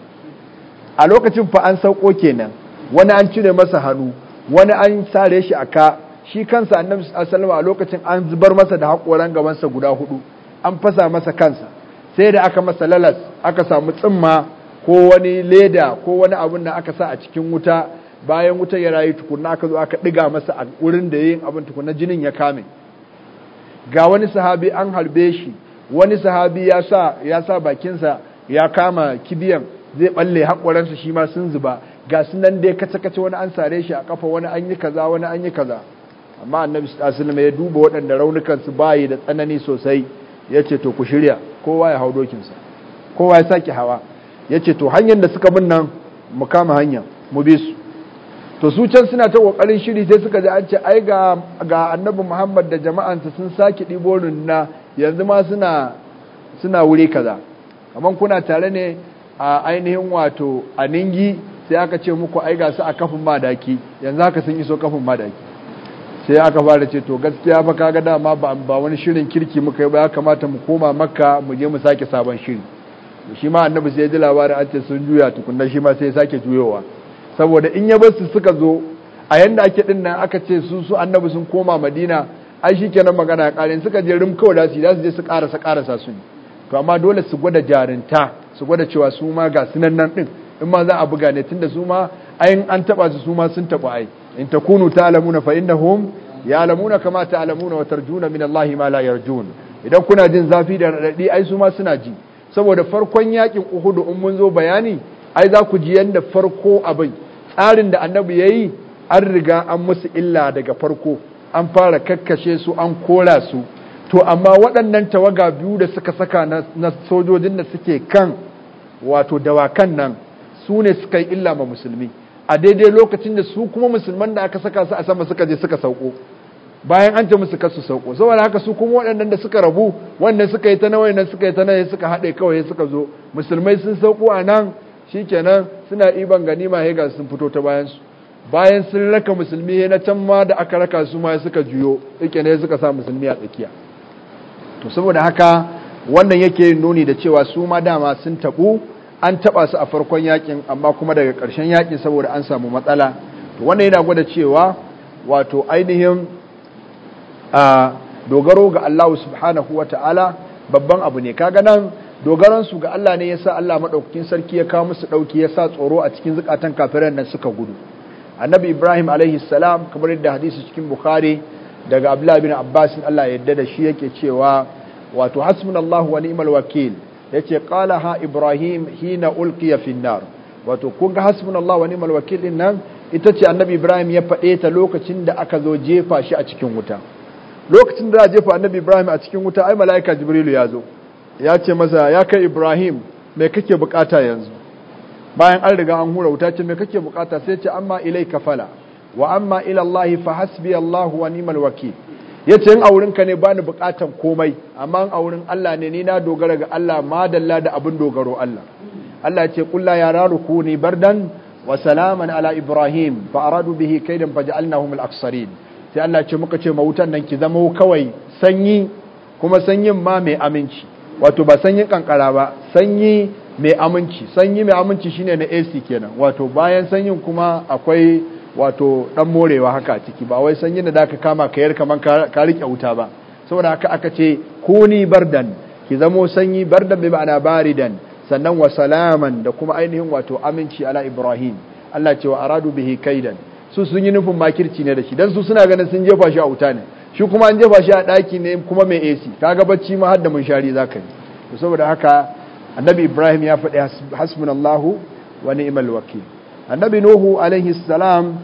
a lokacin fa an sauko kenan wani an cire masa hannu wani an sare shi a ka shi kansa annabi sallallahu a lokacin an zubar masa da haƙoran gabansa guda hudu an fasa masa kansa sai da aka masa lalas aka samu tsimma ko wani leda ko wani abun da aka sa a cikin wuta bayan wuta ya rayu tukunna aka zo aka diga masa a wurin da yayin abin tukunna jinin ya kame ga wani sahabi an harbe shi wani sahabi ya sa ya sa bakinsa ya kama kibiyan zai balle haƙoransa shi ma sun zuba ga su nan ya kace-kace wani an sare shi a kafa wani an yi kaza wani an yi kaza amma annabi sallallahu ya duba waɗanda raunukan su bayi da tsanani sosai yace to ku shirya kowa ya hau dokin kowa ya saki hawa yace to hanyar da suka bin nan mu kama hanya mu bi su to su can suna ta kokarin shiri sai suka ji an ce ai ga ga annabi Muhammad da jama'ansa sun saki dibo na yanzu ma suna suna wuri kaza kamar kuna tare ne a ainihin wato aningi ningi sai aka ce muku ai ga su a kafin madaki yanzu haka sun iso kafin madaki sai aka fara ce to gaskiya ba kaga dama ba ba wani shirin kirki muka yi ba ya kamata mu koma makka mu je mu sake sabon shiri shi ma annabi sai ya ji labarin an ce sun juya tukunna shi ma sai ya sake juyowa saboda in ya bar su suka zo a yanda ake din nan aka ce su su annabi sun koma madina ai shi kenan magana ya kare suka je rim kawai da su da su je su karasa karasa su ne to amma dole su gwada jarinta su gwada cewa su ma ga sunan nan din in ma za a buga ne da su ma ayin an taba su su ma sun taba ai in ta kunu ta alamuna fa innahum alamuna kama alamuna wa tarjuna min Allahi ma la yarjun idan kuna jin zafi da radadi ai su ma suna ji saboda farkon yakin uhudu in mun zo bayani ai za ku ji yanda farko abin tsarin da annabi yi an riga an musu illa daga farko an fara kakkashe su an kora su to amma waɗannan tawaga biyu da suka saka na sojojin da suke kan wato dawakan nan su ne suka yi illa ma musulmi a daidai lokacin da su kuma musulman da aka saka su a sama suka je suka sauko bayan an ce musu kasu sauko saboda haka su kuma waɗannan da suka rabu wannan suka yi ta nawa wannan suka yi ta nawa suka haɗe kawai suka zo musulmai sun sauko a nan shikenan suna iban ganima he ga sun fito ta bayan su bayan sun raka musulmi na can ma da aka raka su ma suka juyo yake ne suka sa musulmi a tsakiya to saboda haka wannan yake nuni da cewa su ma dama sun tabu an taba su a farkon yakin amma kuma daga karshen yakin saboda an samu matsala to wannan yana gwada cewa wato ainihin a dogaro ga Allah subhanahu ta'ala babban abu ne kaga nan dogaron su ga Allah ne yasa Allah madaukakin sarki ya kawo musu dauki sa tsoro a cikin zukatan kafiran nan suka gudu annabi Ibrahim alaihi salam kamar yadda hadisi cikin Bukhari daga Abdullah bin Abbas Allah ya yarda da shi yake cewa wato hasbunallahu wa ni'mal wakil yace qala ha ibrahim hina ulqiya fi nar wato kun ga hasbunallahu wa ni'mal wakil din nan ita ce annabi ibrahim ya faɗe ta lokacin da aka zo jefa shi a cikin wuta lokacin da za a jefa annabi ibrahim a cikin wuta ai mala'ika jibrilu ya zo ya ce masa ya kai ibrahim me kake bukata yanzu bayan an riga an hura wuta ce me kake bukata sai ce amma ilai ka fala wa amma ila fa hasbi allah wa ni'mal wakil ya ce yin ka ne ba ni bukatan komai amma a wurin Allah ne ni na dogara ga Allah madalla da abin dogaro Allah Allah ce kulla ya raru ku bar bardan wa salaman ala ibrahim fa aradu bihi kaidan ja'alnahum al-aksarin sai Allah ce muka ce mawutan nan ki zama kawai sanyi kuma sanyin ma mai aminci wato ba sanyin kankara ba sanyi mai aminci sanyi mai aminci shine na AC kenan wato bayan sanyin kuma akwai wato dan morewa haka ciki ba wai sanyin da zaka kama kayar kaman ka rike wuta ba saboda haka aka ce kuni bardan ki zamo sanyi bardan bi ma'ana baridan sannan wa salaman da kuma ainihin wato aminci ala ibrahim Allah ce wa aradu bihi kaidan su sun yi nufin makirci ne da shi dan su suna ganin sun jefa shi a wuta ne shi kuma an jefa shi a daki ne kuma mai AC kaga bacci ma har da munshari zaka yi saboda haka annabi ibrahim ya faɗi hasbunallahu wa ni'mal wakil annabi nuhu alaihi salam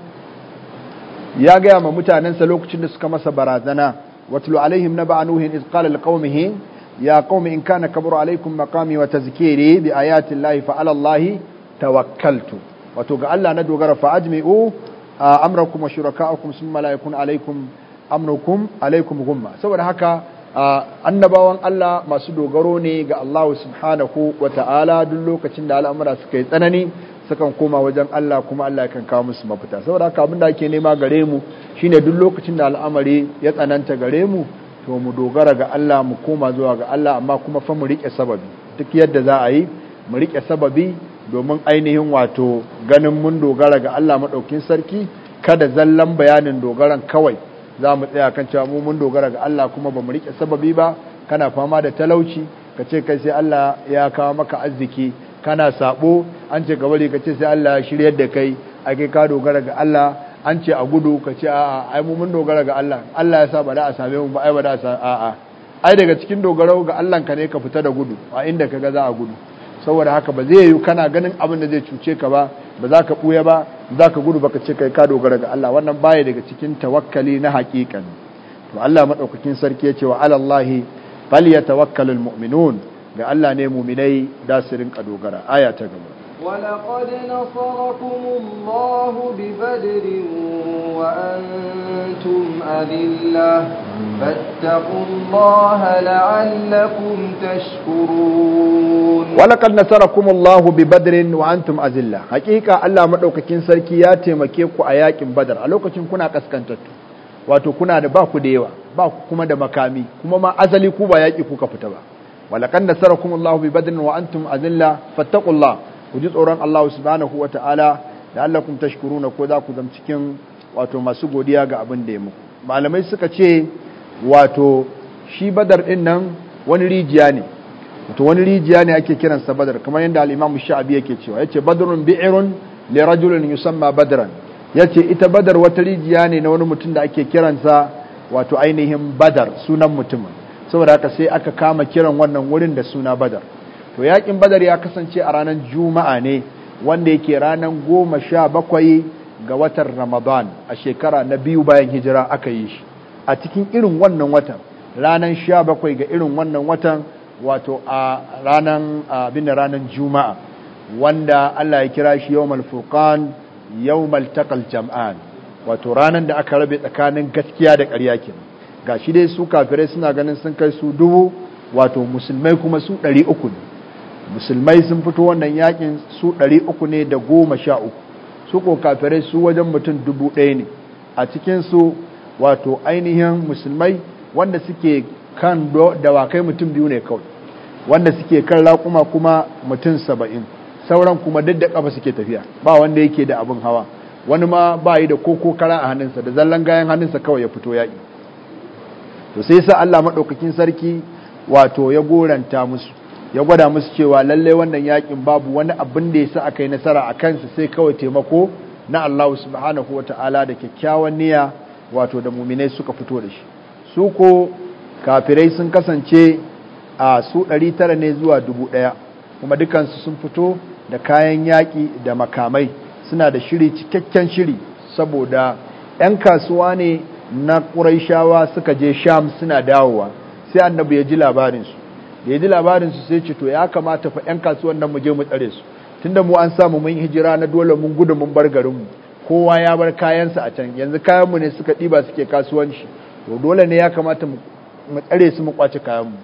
ya gaya ma mutanensa lokacin da suka masa barazana watlu alaihim naba nuhin iz qala liqaumihi ya qaumi in kana kabru alaikum maqami wa tazkiri bi ayati llahi fa ala llahi tawakkaltu wato ga Allah na dogara fa ajmi'u amrakum wa shuraka'akum summa la yakun alaikum amrukum alaikum gumma saboda haka annabawan Allah masu dogaro ne ga Allah subhanahu wa ta'ala duk lokacin da al'amura suka yi tsanani sukan koma wajen Allah kuma Allah kan kawo musu mafita saboda haka abinda ake nema gare mu shine duk lokacin da al'amari ya tsananta gare mu to mu dogara ga Allah mu koma zuwa ga Allah amma kuma fa mu rike sababi duk yadda za a yi mu rike sababi domin ainihin wato ganin mun dogara ga Allah madaukin sarki kada zallan bayanin dogaran kawai za mu tsaya kan cewa mu mun dogara ga Allah kuma ba mu rike sababi ba kana fama da talauci ka ce kai sai Allah ya kawo maka arziki kana sabo an ce ka bari ka ce sai Allah ya shiryar da kai ake ka dogara ga Allah an ce a gudu ka ce a'a ai mu mun dogara ga Allah Allah ya sa ba da a same mu ba ai ba da a a'a ai daga cikin dogaro ga Allah ka ne ka fita da gudu a inda ka ga za a gudu saboda haka ba zai yi kana ganin abin da zai cuce ka ba ba za ka buya ba za ka gudu baka ce kai ka dogara ga Allah wannan baya daga cikin tawakkali na hakikani to Allah madaukakin sarki ya ce wa alallahi falyatawakkalul mu'minun Ga Allah ne muminai da su rinƙa dogara. A'ya ta gama. Walaƙa da nasarar kumun Lahu bi badarin wa'antum Azila. Haƙiƙa Allah maɗaukakin sarki ya taimake ku a yaƙin badar. A lokacin kuna ƙaskantattu wato kuna da baku da yawa, baku kuma da makami. Kuma ma azali ku ba yaƙi ku, ka fita ba. walakan sarakun Allah bi badrin wa antum azilla fattaqullah ku ji tsoron Allah subhanahu wa ta'ala la'allakum tashkuruna ko za ku zama cikin wato masu godiya ga abin da ya muku malamai suka ce wato shi badar din nan wani rijiya ne wato wani rijiya ne ake kiransa badar kamar yadda al-imam sha'abi yake cewa yace badrun bi'irun li rajulin yusamma badran yace ita badar wata rijiya ne na wani mutum da ake kiransa wato ainihin badar sunan mutumin saboda haka sai aka kama kiran wannan wurin da suna badar to yakin badar ya kasance a ranar juma'a ne wanda yake ranar goma sha bakwai ga watan ramadan a shekara na biyu bayan hijira aka yi shi a cikin irin wannan watan ranar sha bakwai ga irin wannan watan wato a ranar abin da ranar juma'a wanda allah ya kira shi yau furqan yau maltakal jam'an wato ranar da aka rabe tsakanin gaskiya da ƙarya kenan ga shi dai su kafirai suna ganin sun kai su dubu wato musulmai kuma su ɗari uku ne musulmai sun fito wannan yakin su ɗari uku ne da goma sha uku su ko kafirai su wajen mutum dubu ɗaya ne a cikinsu wato ainihin musulmai wanda suke kan dawakai mutum biyu ne kawai wanda suke kan raƙuma kuma mutum saba'in sauran kuma duk da ƙafa suke tafiya ba wanda yake da abin hawa wani ma ba yi da koko kara a hannunsa da zallan gayan hannunsa kawai ya fito yaƙi to sai sa Allah madaukakin sarki wato ya goranta musu ya gwada musu cewa lalle wannan yakin babu wani abin da yasa aka yi nasara a kansu sai kawai taimako na Allah subhanahu wataala da kyakkyawan niyya wato da mu'minai suka fito da shi su ko kafirai sun kasance a su 900 ne zuwa 1000 kuma dukansu sun fito da kayan yaki da makamai suna da shiri cikakken shiri saboda 'yan kasuwa ne na ƙuraishawa suka je sham suna dawowa sai annabu ya ji labarinsu da ya ji labarinsu sai ce to ya kamata fa 'yan kasuwan nan mu je mu tsare su tunda mu an samu mun hijira na dole mun gudu mun bar garinmu kowa ya bar kayansa a can yanzu kayanmu ne suka ɗiba suke kasuwanci to dole ne ya kamata mu tsare su mu kwace kayanmu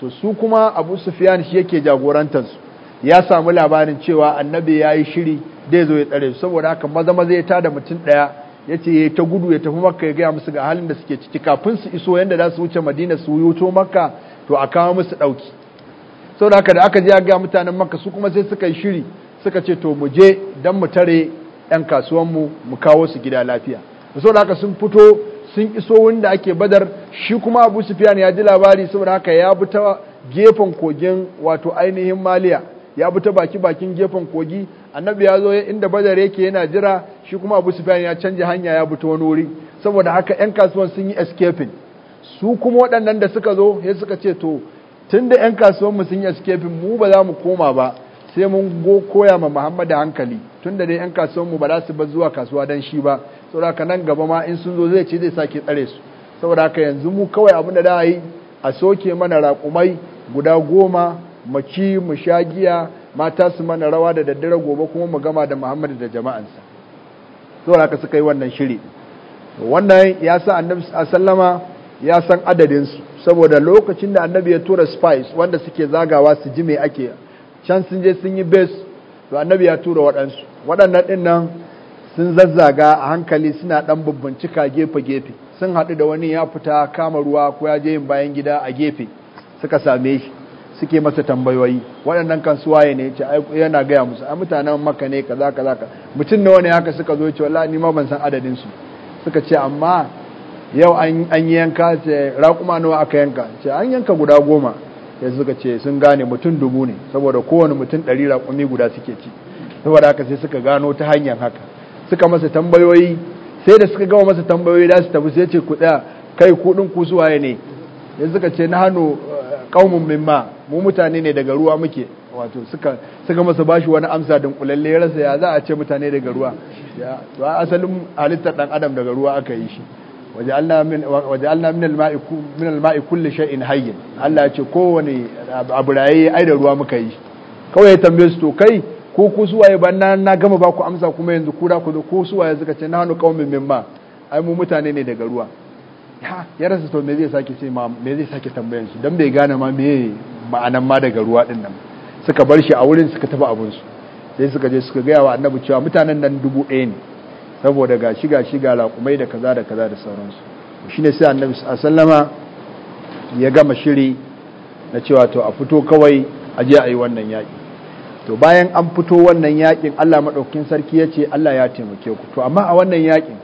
to su kuma abu sufiyan shi yake jagorantarsu ya samu labarin cewa annabi ya yi shiri zai zo ya tsare su saboda haka maza maza ya tada mutum ɗaya ya ce ya ta gudu ya tafi maka ya gaya musu ga halin da suke ciki kafin su iso yadda za su wuce madina su wuto maka to a kawo musu ɗauki sau da haka da aka je ya gaya mutanen makka su kuma sai suka yi shiri suka ce to mu je don mu tare 'yan kasuwanmu mu kawo su gida lafiya sau da haka sun fito sun iso wanda ake badar shi kuma abu sufiyan ya ji labari saboda haka ya bi ta gefen kogin wato ainihin maliya ya bi ta baki bakin gefen kogi annabi ya zo inda badar yake yana jira shi kuma abu sufyan ya canja hanya ya bi ta wani wuri saboda haka yan kasuwan sun yi escaping su kuma waɗannan da suka zo ya suka ce to tun da yan kasuwan mu sun yi escaping mu ba za mu koma ba sai mun go koya ma Muhammad hankali tun da dai yan kasuwan mu ba za su bar zuwa kasuwa dan shi ba saboda haka nan gaba ma in sun zo zai ce zai sake tsare su saboda haka yanzu mu kawai abin da da yi a soke mana raƙumai guda goma maci mu shagiya mata su mana rawa da daddare gobe kuma mu gama da muhammadu da jama'ansa saboda haka suka yi wannan shiri wannan ya sa annabi sallama ya san adadin su saboda lokacin da annabi ya tura spies wanda suke zagawa su ji me ake can sun je sun yi base to annabi ya tura waɗansu waɗannan din nan sun zazzaga a hankali suna ɗan bubbuncika gefe-gefe sun haɗu da wani ya fita kama ruwa ko ya je yin bayan gida a gefe suka same shi suke masa tambayoyi waɗannan kan waye ne ce yana gaya musu a mutanen maka ne kaza kaza ka mutum nawa ne haka suka zo ce wallahi ni ma ban san adadin su suka ce amma yau an yi yanka ce raƙuma nawa aka yanka ce an yanka guda goma ya suka ce sun gane mutum dubu ne saboda kowane mutum ɗari raƙumi guda suke ci saboda haka sai suka gano ta hanyar haka suka masa tambayoyi sai da suka gama masa tambayoyi da su tafi sai ce ku tsaya kai kuɗin ku suwaye ne ya suka ce na hannu ƙaumin eh, mimma mu mutane ne daga ruwa muke wato suka suka masa bashi wani amsa din kulalle ya rasa ya za a ce mutane daga ruwa ya to asalin halittar dan adam daga ruwa aka yi shi waje min min alma'i mai min al kulli shay'in Allah ce kowane abu raye ai da ruwa muka yi kawai ya tambaye su to kai ko ku suwaye ban na gama ba ku amsa kuma yanzu ku da ku zo ko suwaye suka ce nahnu qaumin mimma ai mu mutane ne daga ruwa ya rasa to me zai sake ce ma me zai sake su dan bai gane ma me ma'anan ma daga ruwa din nan suka bar shi a wurin suka tafi su sai suka je suka gaya wa annabi cewa mutanen nan dubu ɗaya ne saboda ga shiga shiga laƙumai da kaza da kaza da sauransu shi ne sai annabi sallama ya gama shiri na cewa to a fito kawai a je a yi wannan yaƙi to bayan an fito wannan yakin allah maɗaukin sarki ya ce allah ya taimake ku to amma a wannan yakin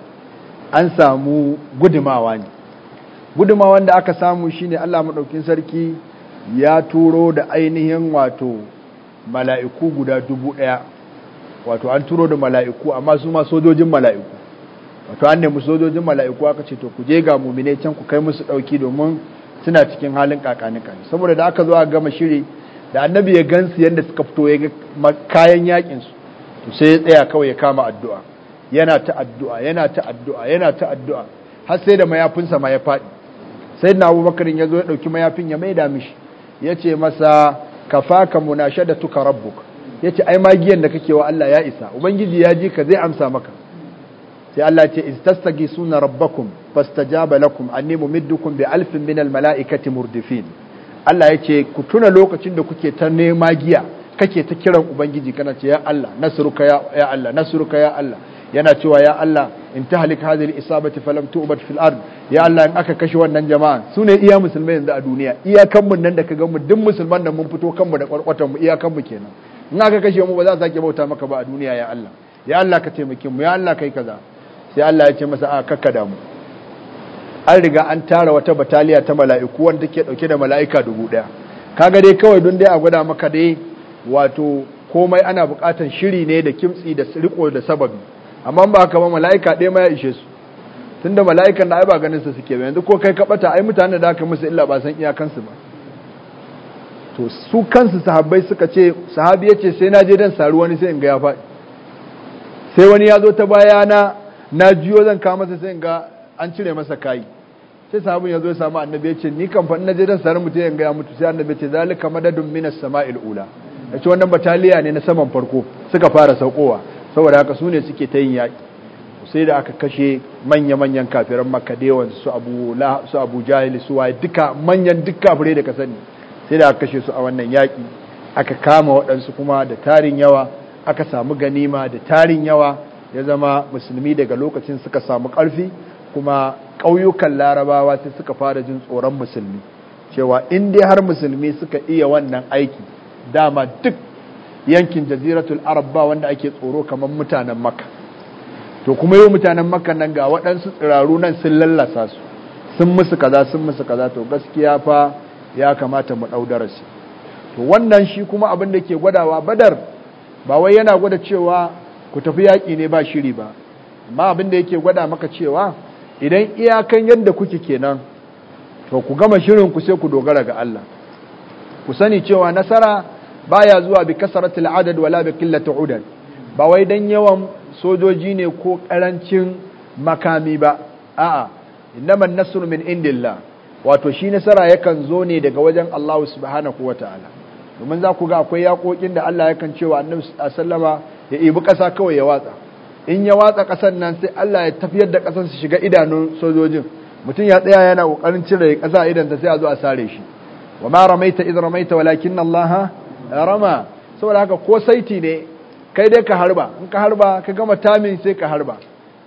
an samu gudumawa ne gudumawan da aka samu shine allah maɗaukin sarki ya turo da ainihin wato mala'iku guda dubu ɗaya wato an turo da mala'iku amma su ma sojojin mala'iku wato an nemi sojojin mala'iku aka ce to ku je ga mumine can ku kai musu ɗauki domin suna cikin halin kakanika saboda da aka zo a gama shiri da annabi ya gansu yadda suka fito ya kayan yakinsu, to sai ya tsaya kawai ya kama addu'a yana ta addu'a yana ta addu'a yana ta addu'a har sai da mayafinsa ma ya faɗi sai na abubakarin ya zo ya ɗauki mayafin ya maida mishi ya ce masa kafaka tuka rabbuk ya ce ai magiyan da kake wa Allah ya isa ubangiji ya ji ka zai amsa maka sai Allah ce istastagisuna rabbakum fastajaba lakum anni mumiddukum bi alfin min mala'ikati murdifin Allah ya ce ku tuna lokacin da kuke ta nema giya kake ta kiran ubangiji kana ce ya Allah nasruka ya ya Allah nasruka ya Allah yana cewa ya Allah in tahlik hadhihi al-isabati falam tu'bad fil ard ya Allah in aka kashe wannan jama'a su ne iya musulmai yanzu a duniya iyakanmu nan da ka mu duk musulman da mun fito kanmu da kwarkwatan mu kenan in aka kashe mu ba za a sake bauta maka ba a duniya ya Allah ya Allah ka taimake mu ya Allah kai kaza sai Allah ya ce masa a kakkada mu an riga an tara wata bataliya ta mala'iku wanda take dauke da mala'ika dubu daya kaga dai kawai don dai a gwada maka dai wato komai ana bukatan shiri ne da kimtsi da riko da sababi amma ba haka ba mala'ika ɗaya ma ya ishe su tunda mala'ikan da ai ba ganin su suke ba yanzu ko kai ka bata ai mutane da aka musu illa ba san iyakansu ba to su kansu sahabbai suka ce sahabi yace sai na je dan saru wani sai in ga ya faɗi sai wani ya zo ta baya na na jiyo zan kawo masa sai in ga an cire masa kai sai sahabin ya zo ya samu annabi yace ce ni kan fa na je dan saru mutum in ga ya mutu sai annabi ya zali zalika madadun minas sama'il ula yace wannan bataliya ne na saman farko suka fara saukowa saboda haka su ne suke ta yin yaki sai da aka kashe manya-manyan kafiran makka su abu su waye duka manyan duka fure da ka sani sai da aka kashe su a wannan yaki aka kama waɗansu kuma da tarin yawa aka samu ganima da tarin yawa ya zama musulmi daga lokacin suka samu ƙarfi kuma ƙauyukan larabawa sai suka fara jin tsoron musulmi cewa in dai har musulmi suka iya wannan aiki dama duk yankin jaziratul arab ba wanda ake tsoro kamar mutanen makka to kuma yau mutanen makka nan ga waɗansu tsiraru nan sun lallasa su sun musu kaza sun musu kaza to gaskiya fa ya kamata mu ɗau darasi to wannan shi kuma abin da ke gwadawa badar ba wai yana gwada cewa ku tafi yaƙi ne ba shiri ba amma abin da yake gwada maka cewa idan iyakan yadda kuke kenan to ku gama shirin ku sai ku dogara ga Allah ku sani cewa nasara baya zuwa bi kasaratil adad wala bi qillati udad ba wai dan yawan sojoji ne ko karancin makami ba a'a innaman nasru min indillah wato shi nasara yakan zo ne daga wajen Allah subhanahu wataala domin za ku ga akwai yakokin da Allah yakan cewa annabi sallama ya ibi kasa kawai ya watsa in ya watsa kasan nan sai Allah ya tafiyar da kasan su shiga idanun sojojin mutum ya tsaya yana kokarin cire kasa idan ta sai a zo a sare shi wa ma ramaita idh ramaita walakin Allah rama saboda haka ko saiti ne kai dai ka harba in ka harba ka gama tamin sai ka harba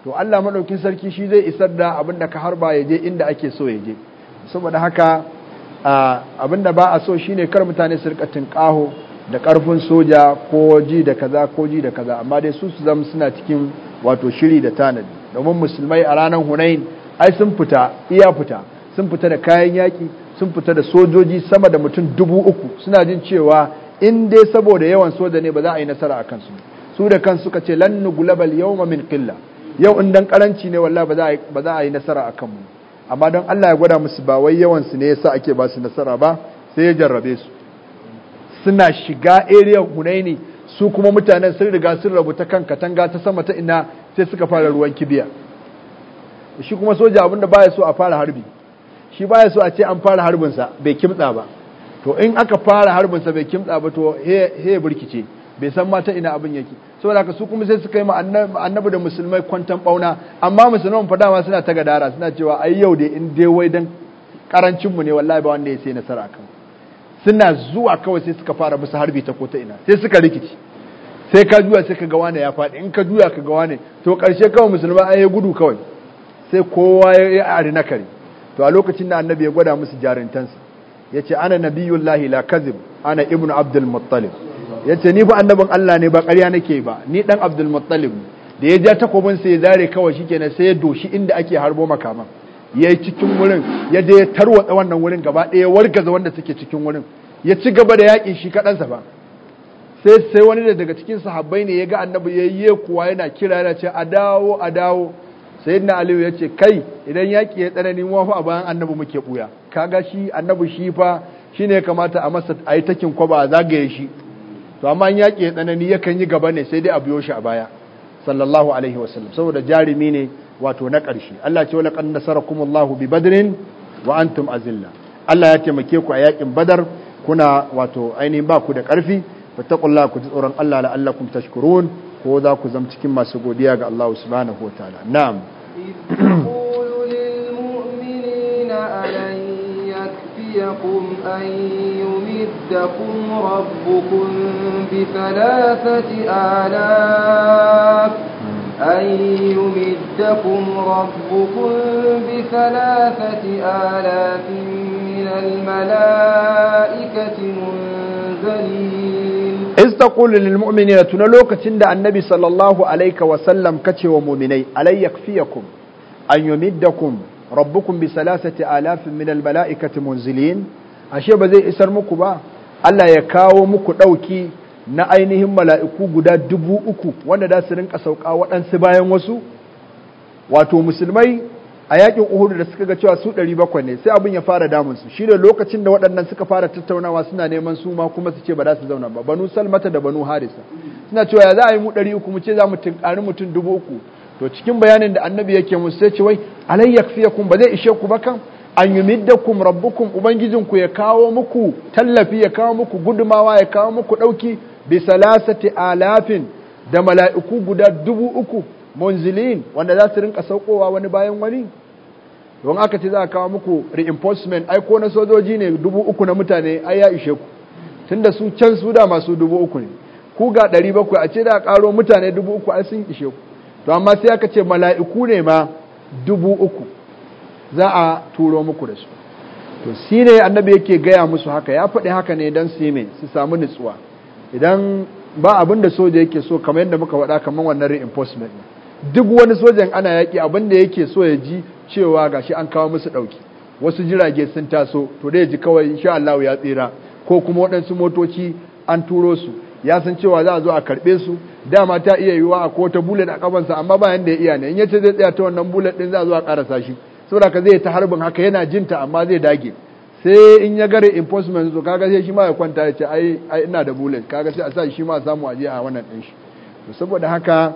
to Allah madaukin sarki shi zai isar da abin da ka harba ya je inda ake so ya je saboda haka abin da ba a so shine kar mutane su rika tinkaho da karfin soja ko ji da kaza ko ji da kaza amma dai su su zama suna cikin wato shiri da tanadi domin musulmai a ranar hunain ai sun fita iya fita sun fita da kayan yaki sun fita da sojoji sama da mutum dubu uku suna jin cewa in dai saboda yawan soja ne ba za a yi nasara a kansu su da kansu ka ce lannu gulabal yawma min killa yau in dan karanci ne walla ba za a yi nasara a kanmu amma don Allah ya gwada musu ba wai yawan su ne yasa ake ba su nasara ba sai ya jarrabe su suna shiga area Hunaini su kuma mutanen sun riga sun rabu ta kan katanga ta sama ta ina sai suka fara ruwan kibiya shi kuma soja abinda baya so a fara harbi shi baya so a ce an fara harbinsa bai kimtsa ba to in aka fara harbin sa bai kimtsa ba to he burkice bai san mata ina abin yake saboda haka su kuma sai suka yi annabi da musulmai kwantan bauna amma musulman fada ma suna ta gadara suna cewa ai yau dai in dai wai dan karancin mu ne wallahi ba wanda ya sai nasara kan suna zuwa kawai sai suka fara musu harbi ta ko ina sai suka rikici sai ka juya sai ka ga wane ya faɗi in ka juya ka ga wane to karshe kawai musulma ai gudu kawai sai kowa ya yi na kare. to a lokacin da annabi ya gwada musu jarintansa yace ana nabiyullahi la kadhib ana ibnu abdul muttalib yace ni ba annabin Allah ne ba karya nake ba ni dan abdul muttalib da ya ja takobin sai ya zare kawai shikenan sai ya doshi inda ake harbo makaman ya yi cikin wurin ya je ya tarwata wannan wurin gaba ɗaya wargaza wanda suke cikin wurin ya ci gaba da yaƙi shi kaɗansa ba sai sai wani da daga cikin sahabbai ne ya ga annabi ya yi kuwa yana kira yana ce a dawo a dawo sayyidina aliyu ya ce kai idan yaƙi ya tsanani mu fa a bayan annabi muke buya kaga shi annabi shi fa shine kamata a masa a yi takin kwaba a zagaye shi to amma in yaƙi ya tsanani kan yi gaba ne sai dai a biyo shi a baya sallallahu alaihi wasallam saboda jarumi ne wato na ƙarshe Allah ce walaqad nasarakumullahu bi badrin wa antum azilla Allah ya taimake ku a yaƙin badar kuna wato ainihin ba ku da ƙarfi fattaqullaha ku ji tsoron Allah la'allakum tashkurun ko za ku zama cikin masu godiya ga Allah subhanahu wataala na'am يكفيكم أن يمدكم ربكم بثلاثة آلاف أن يمدكم ربكم بثلاثة آلاف من الملائكة منزلين istaqulu lil mu'minina tuna lokacin da annabi sallallahu alayka wa sallam kace wa mu'minai alayyakfiyakum an yumiddakum rabbukum bi salasati alafin min al mala'ikati munzilin ashe ba zai isar muku ba Allah ya kawo muku ɗauki na ainihin mala'iku guda dubu uku wanda da su rinka sauka waɗansu bayan wasu wato musulmai a yakin Uhud da suka ga cewa su 700 ne sai abin ya fara damun su shi ne lokacin da waɗannan suka fara tattaunawa suna neman su ma kuma su ce ba za su zauna ba banu salmata da banu harisa suna cewa ya za a yi mu 300 mu ce za mu tunkari mutum uku to cikin bayanin da annabi yake musu sai ce wai alayyaksiyakum ba zai ishe ku ba kan an yumiddakum rabbukum ubangijinku ya kawo muku tallafi ya kawo muku gudumawa ya kawo muku dauki bi salasati alafin da mala'iku guda dubu uku munzilin wanda za su rinka saukowa wani bayan wani don aka ce za a kawo muku reinforcement ai ko na sojoji ne dubu uku na mutane ai ya ishe ku da su can su da masu dubu uku ne ku ga ɗari bakwai a ce da karo mutane dubu uku ai sun ishe ku to amma sai aka ce mala'iku ne ma dubu uku za a turo muku da su to shi ne annabi yake gaya musu haka ya faɗi haka ne don su yi su samu nutsuwa idan ba abin da soja yake so kamar yadda muka faɗa kamar wannan reinforcement ne duk wani sojan ana yaƙi abin da yake so ya ji cewa gashi an kawo musu ɗauki wasu jirage sun taso to da ya ji kawai insha Allah ya tsira ko kuma waɗansu motoci an turo su ya san cewa za a zo a karɓe su dama ta iya yiwa a ko ta bullet a kafansa amma ba yanda ya iya ne in yace zai tsaya ta wannan bullet din za a zo a karasa shi saboda ka zai ta harbin haka yana jinta amma zai dage sai in ya gare enforcement so kaga sai shi ma ya kwanta ya ce ai ina da bullet kaga sai a sa shi ma samu aje a wannan din shi to saboda haka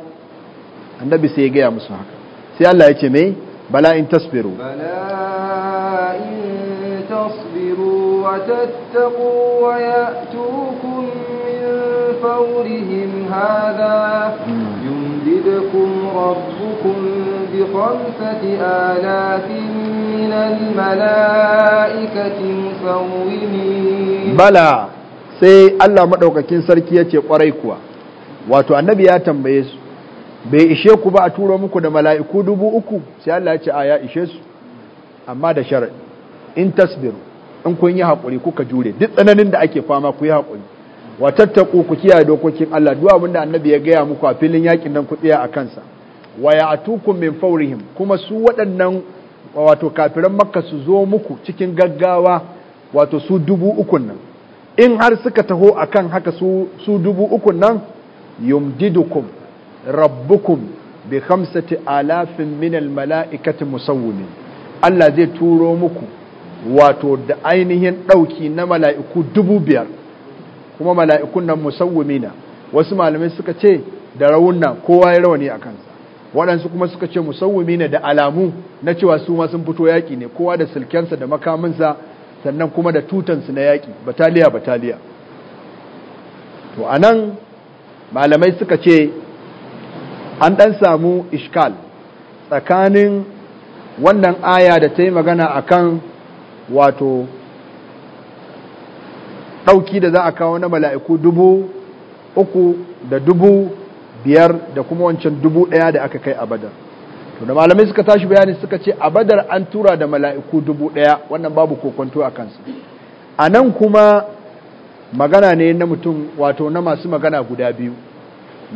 annabi sai ya gaya musu haka sai Allah ya ce mai bala in tasbiru bala in tasbiru wa tattaqu wa ya'tukum min fawrihim hadha hmm. yumdidukum rabbukum bi khamsati alatin min al malaikati musawwimin bala sai Allah madaukakin sarki yace kwarai kuwa wato annabi ya tambaye su bai ishe ku ba a turo muku da mala'iku dubu uku sai Allah ya ce a ya ishe su amma da shara in tasbiru in kun yi haƙuri kuka jure duk tsananin da ake fama ku yi haƙuri wa ku kiyaye dokokin Allah duwa wanda annabi ya gaya muku a filin yakin nan kuɗiya a kansa wa tukun min faurihim kuma su waɗannan wato kafiran makka su zo muku cikin gaggawa wato su dubu ukun nan in har suka taho akan haka su dubu ukun nan yumdidukum rabbukum bi khamsati alafin min mala'ikati musawwimin Allah zai turo muku wato da ainihin ɗauki na mala'iku dubu biyar kuma mala'ikun nan na. wasu malamai suka ce da rawunna kowa ya rawani a kansa waɗansu kuma suka ce na da alamu na cewa su ma sun fito yaƙi ne kowa da silkensa da makaminsa sannan kuma da tutansu na yaƙi bataliya bataliya to anan malamai suka ce an ɗan samu ishkal tsakanin wannan aya da ta yi magana a kan wato ɗauki da za a kawo na mala'iku dubu uku da dubu biyar da kuma wancan dubu ɗaya da aka kai a badar to da malamai suka tashi bayani suka ce a badar an tura da mala'iku dubu ɗaya wannan babu kokonto a kansu a nan kuma magana ne na mutum wato na masu magana guda biyu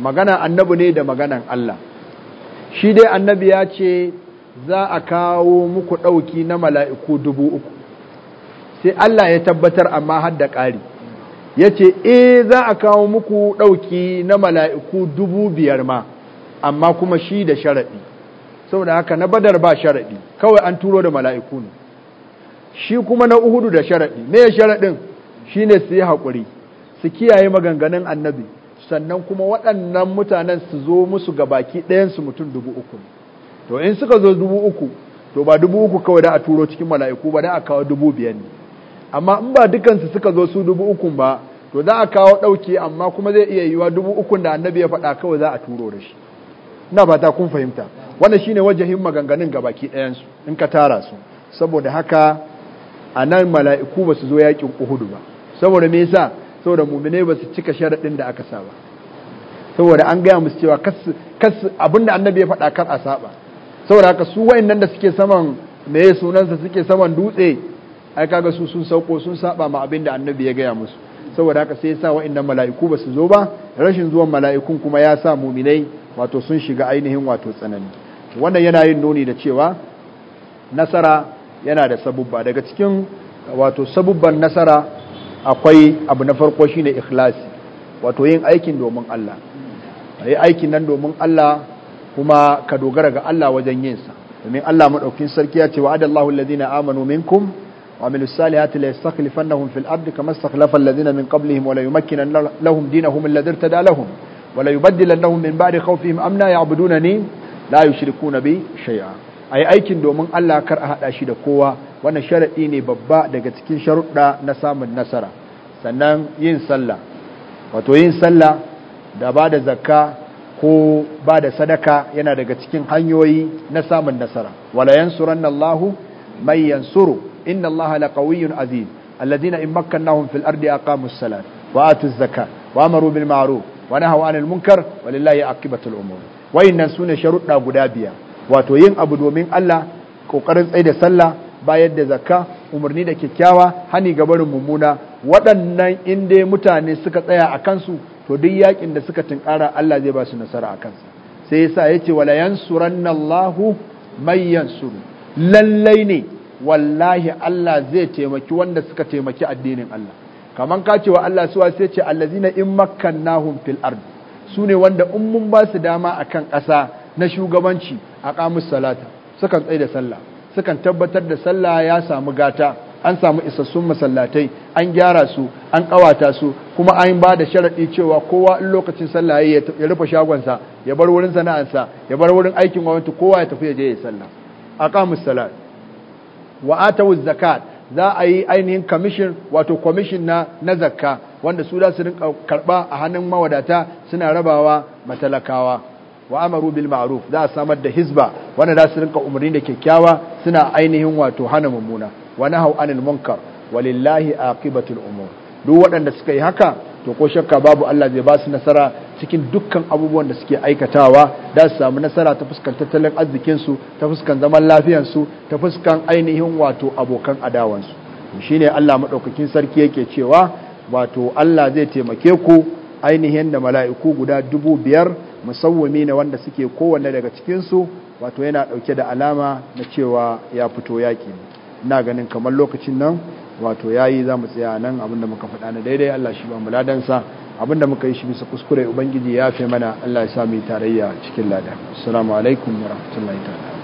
magana annabi ne da maganan Allah shi dai annabi ya ce za a kawo muku ɗauki na mala'iku dubu uku sai Allah ya tabbatar amma har da ƙari ya ce e za a kawo muku ɗauki na mala'iku dubu biyar ma amma kuma shi da sharaɗi saboda haka na badar ba sharaɗi kawai an turo da mala'iku ne shi kuma na uhudu da sharaɗi me sharaɗin shi ne su yi haƙuri su kiyaye maganganun annabi sannan kuma waɗannan mutanen su zo musu ga baki ɗayansu mutum dubu uku to in suka zo dubu uku to ba dubu uku kawai da a turo cikin mala'iku ba da a kawo dubu biyar ne amma in ba dukansu suka zo su dubu uku ba to za a kawo ɗauki amma kuma zai iya yiwa dubu uku da annabi ya faɗa kawai za a turo da shi na ba ta kun fahimta wannan shine wajahin maganganun ga baki ɗayansu in ka tara su saboda haka a nan mala'iku ba su zo yaƙin uhudu ba saboda me yasa saboda mu'mine ba su cika sharaɗin da aka saba saboda an gaya musu cewa kas abinda annabi ya faɗa kar a saba saboda haka su wayannan da suke saman me sunansa suke saman dutse ai kaga su sun sauko sun saba ma abin da annabi ya gaya musu saboda haka sai ya sa wayannan mala'iku ba su zo ba rashin zuwan mala'ikun kuma ya sa mu'minai wato sun shiga ainihin wato tsanani wannan yana yin nuni da cewa nasara yana da sabubba daga cikin wato sabubban nasara akwai abu na farko shine ikhlasi wato yin aikin domin Allah yi aikin nan domin Allah kuma ka dogara ga Allah wajen yin sa domin Allah madaukin sarki ya ce wa adallahu alladhina amanu minkum wa amilus salihati la yastakhlifannahum fil ardi kama istakhlafa alladhina min qablihim wa la yumakkinan lahum dinahum alladhi irtada lahum wa la yubaddilannahum min ba'di khawfihim amna ya'budunani la yushrikuna bi shay'a a yi aikin domin Allah kar a haɗa shi da kowa wannan sharaɗi ne babba daga cikin sharuɗa na samun nasara sannan yin sallah wato yin sallah da ba da zakka ko ba da sadaka yana daga cikin hanyoyi na samun nasara wala yansuranna Allahu may yansuru inna Allaha laqawiyyun aziz alladhina in makkannahum fil ardi aqamus salat wa atuz zakat wa amaru bil ma'ruf wa nahaw anil munkar walillahi aqibatul umur wayannan sune sharuɗa guda biyar wato yin abu domin Allah kokarin tsaye da sallah bayar da zakka umarni da kyakkyawa hani ga barin mummuna waɗannan in dai mutane suka tsaya a kansu to duk yakin da suka tunkara Allah zai ba su nasara a kansa sai yasa yace wala yansuranna Allahu man yansuru lallai ne wallahi Allah zai taimaki wanda suka taimaki addinin Allah kaman ka cewa Allah suwa sai ce allazina in makkannahum fil ard sune wanda in mun ba su dama akan ƙasa na shugabanci a ƙamus salata sukan tsaye da sallah sukan tabbatar da sallah ya samu gata an samu isassun masallatai an gyara su an ƙawata su kuma an ba da sharaɗi cewa kowa in lokacin sallah ya rufe shagonsa ya bar wurin sana'arsa ya bar wurin aikin gwamnati kowa ya tafi ya je ya sallah ƙamus salat wa atawuz zakat za a yi ainihin commission wato commission na na zakka wanda su da su rinka karba a hannun mawadata suna rabawa matalakawa wa amaru bil ma'ruf za a samar da hizba wanda za su rinka umarni da kyakkyawa suna ainihin wato hana mummuna wa nahau anil munkar walillahi aqibatul umur duk waɗanda suka yi haka to ko shakka babu Allah zai ba su nasara cikin dukkan abubuwan da suke aikatawa da su samu nasara ta fuskan tattalin su ta fuskan zaman lafiyar su ta fuskan ainihin wato abokan adawansu shine Allah madaukakin sarki yake cewa wato Allah zai taimake ku ainihin da mala'iku guda dubu biyar musawwami na wanda suke kowanne daga cikinsu wato yana dauke da alama na cewa ya fito yaƙi ina ganin kamar lokacin nan wato ya yi za mu tsaya nan abinda muka faɗa na daidai Allah shi ba mu ladansa abinda muka yi shi bisa kuskure ubangiji ya fi mana Allah ya sami tarayya cikin lada assalamu alaikum wa ta'ala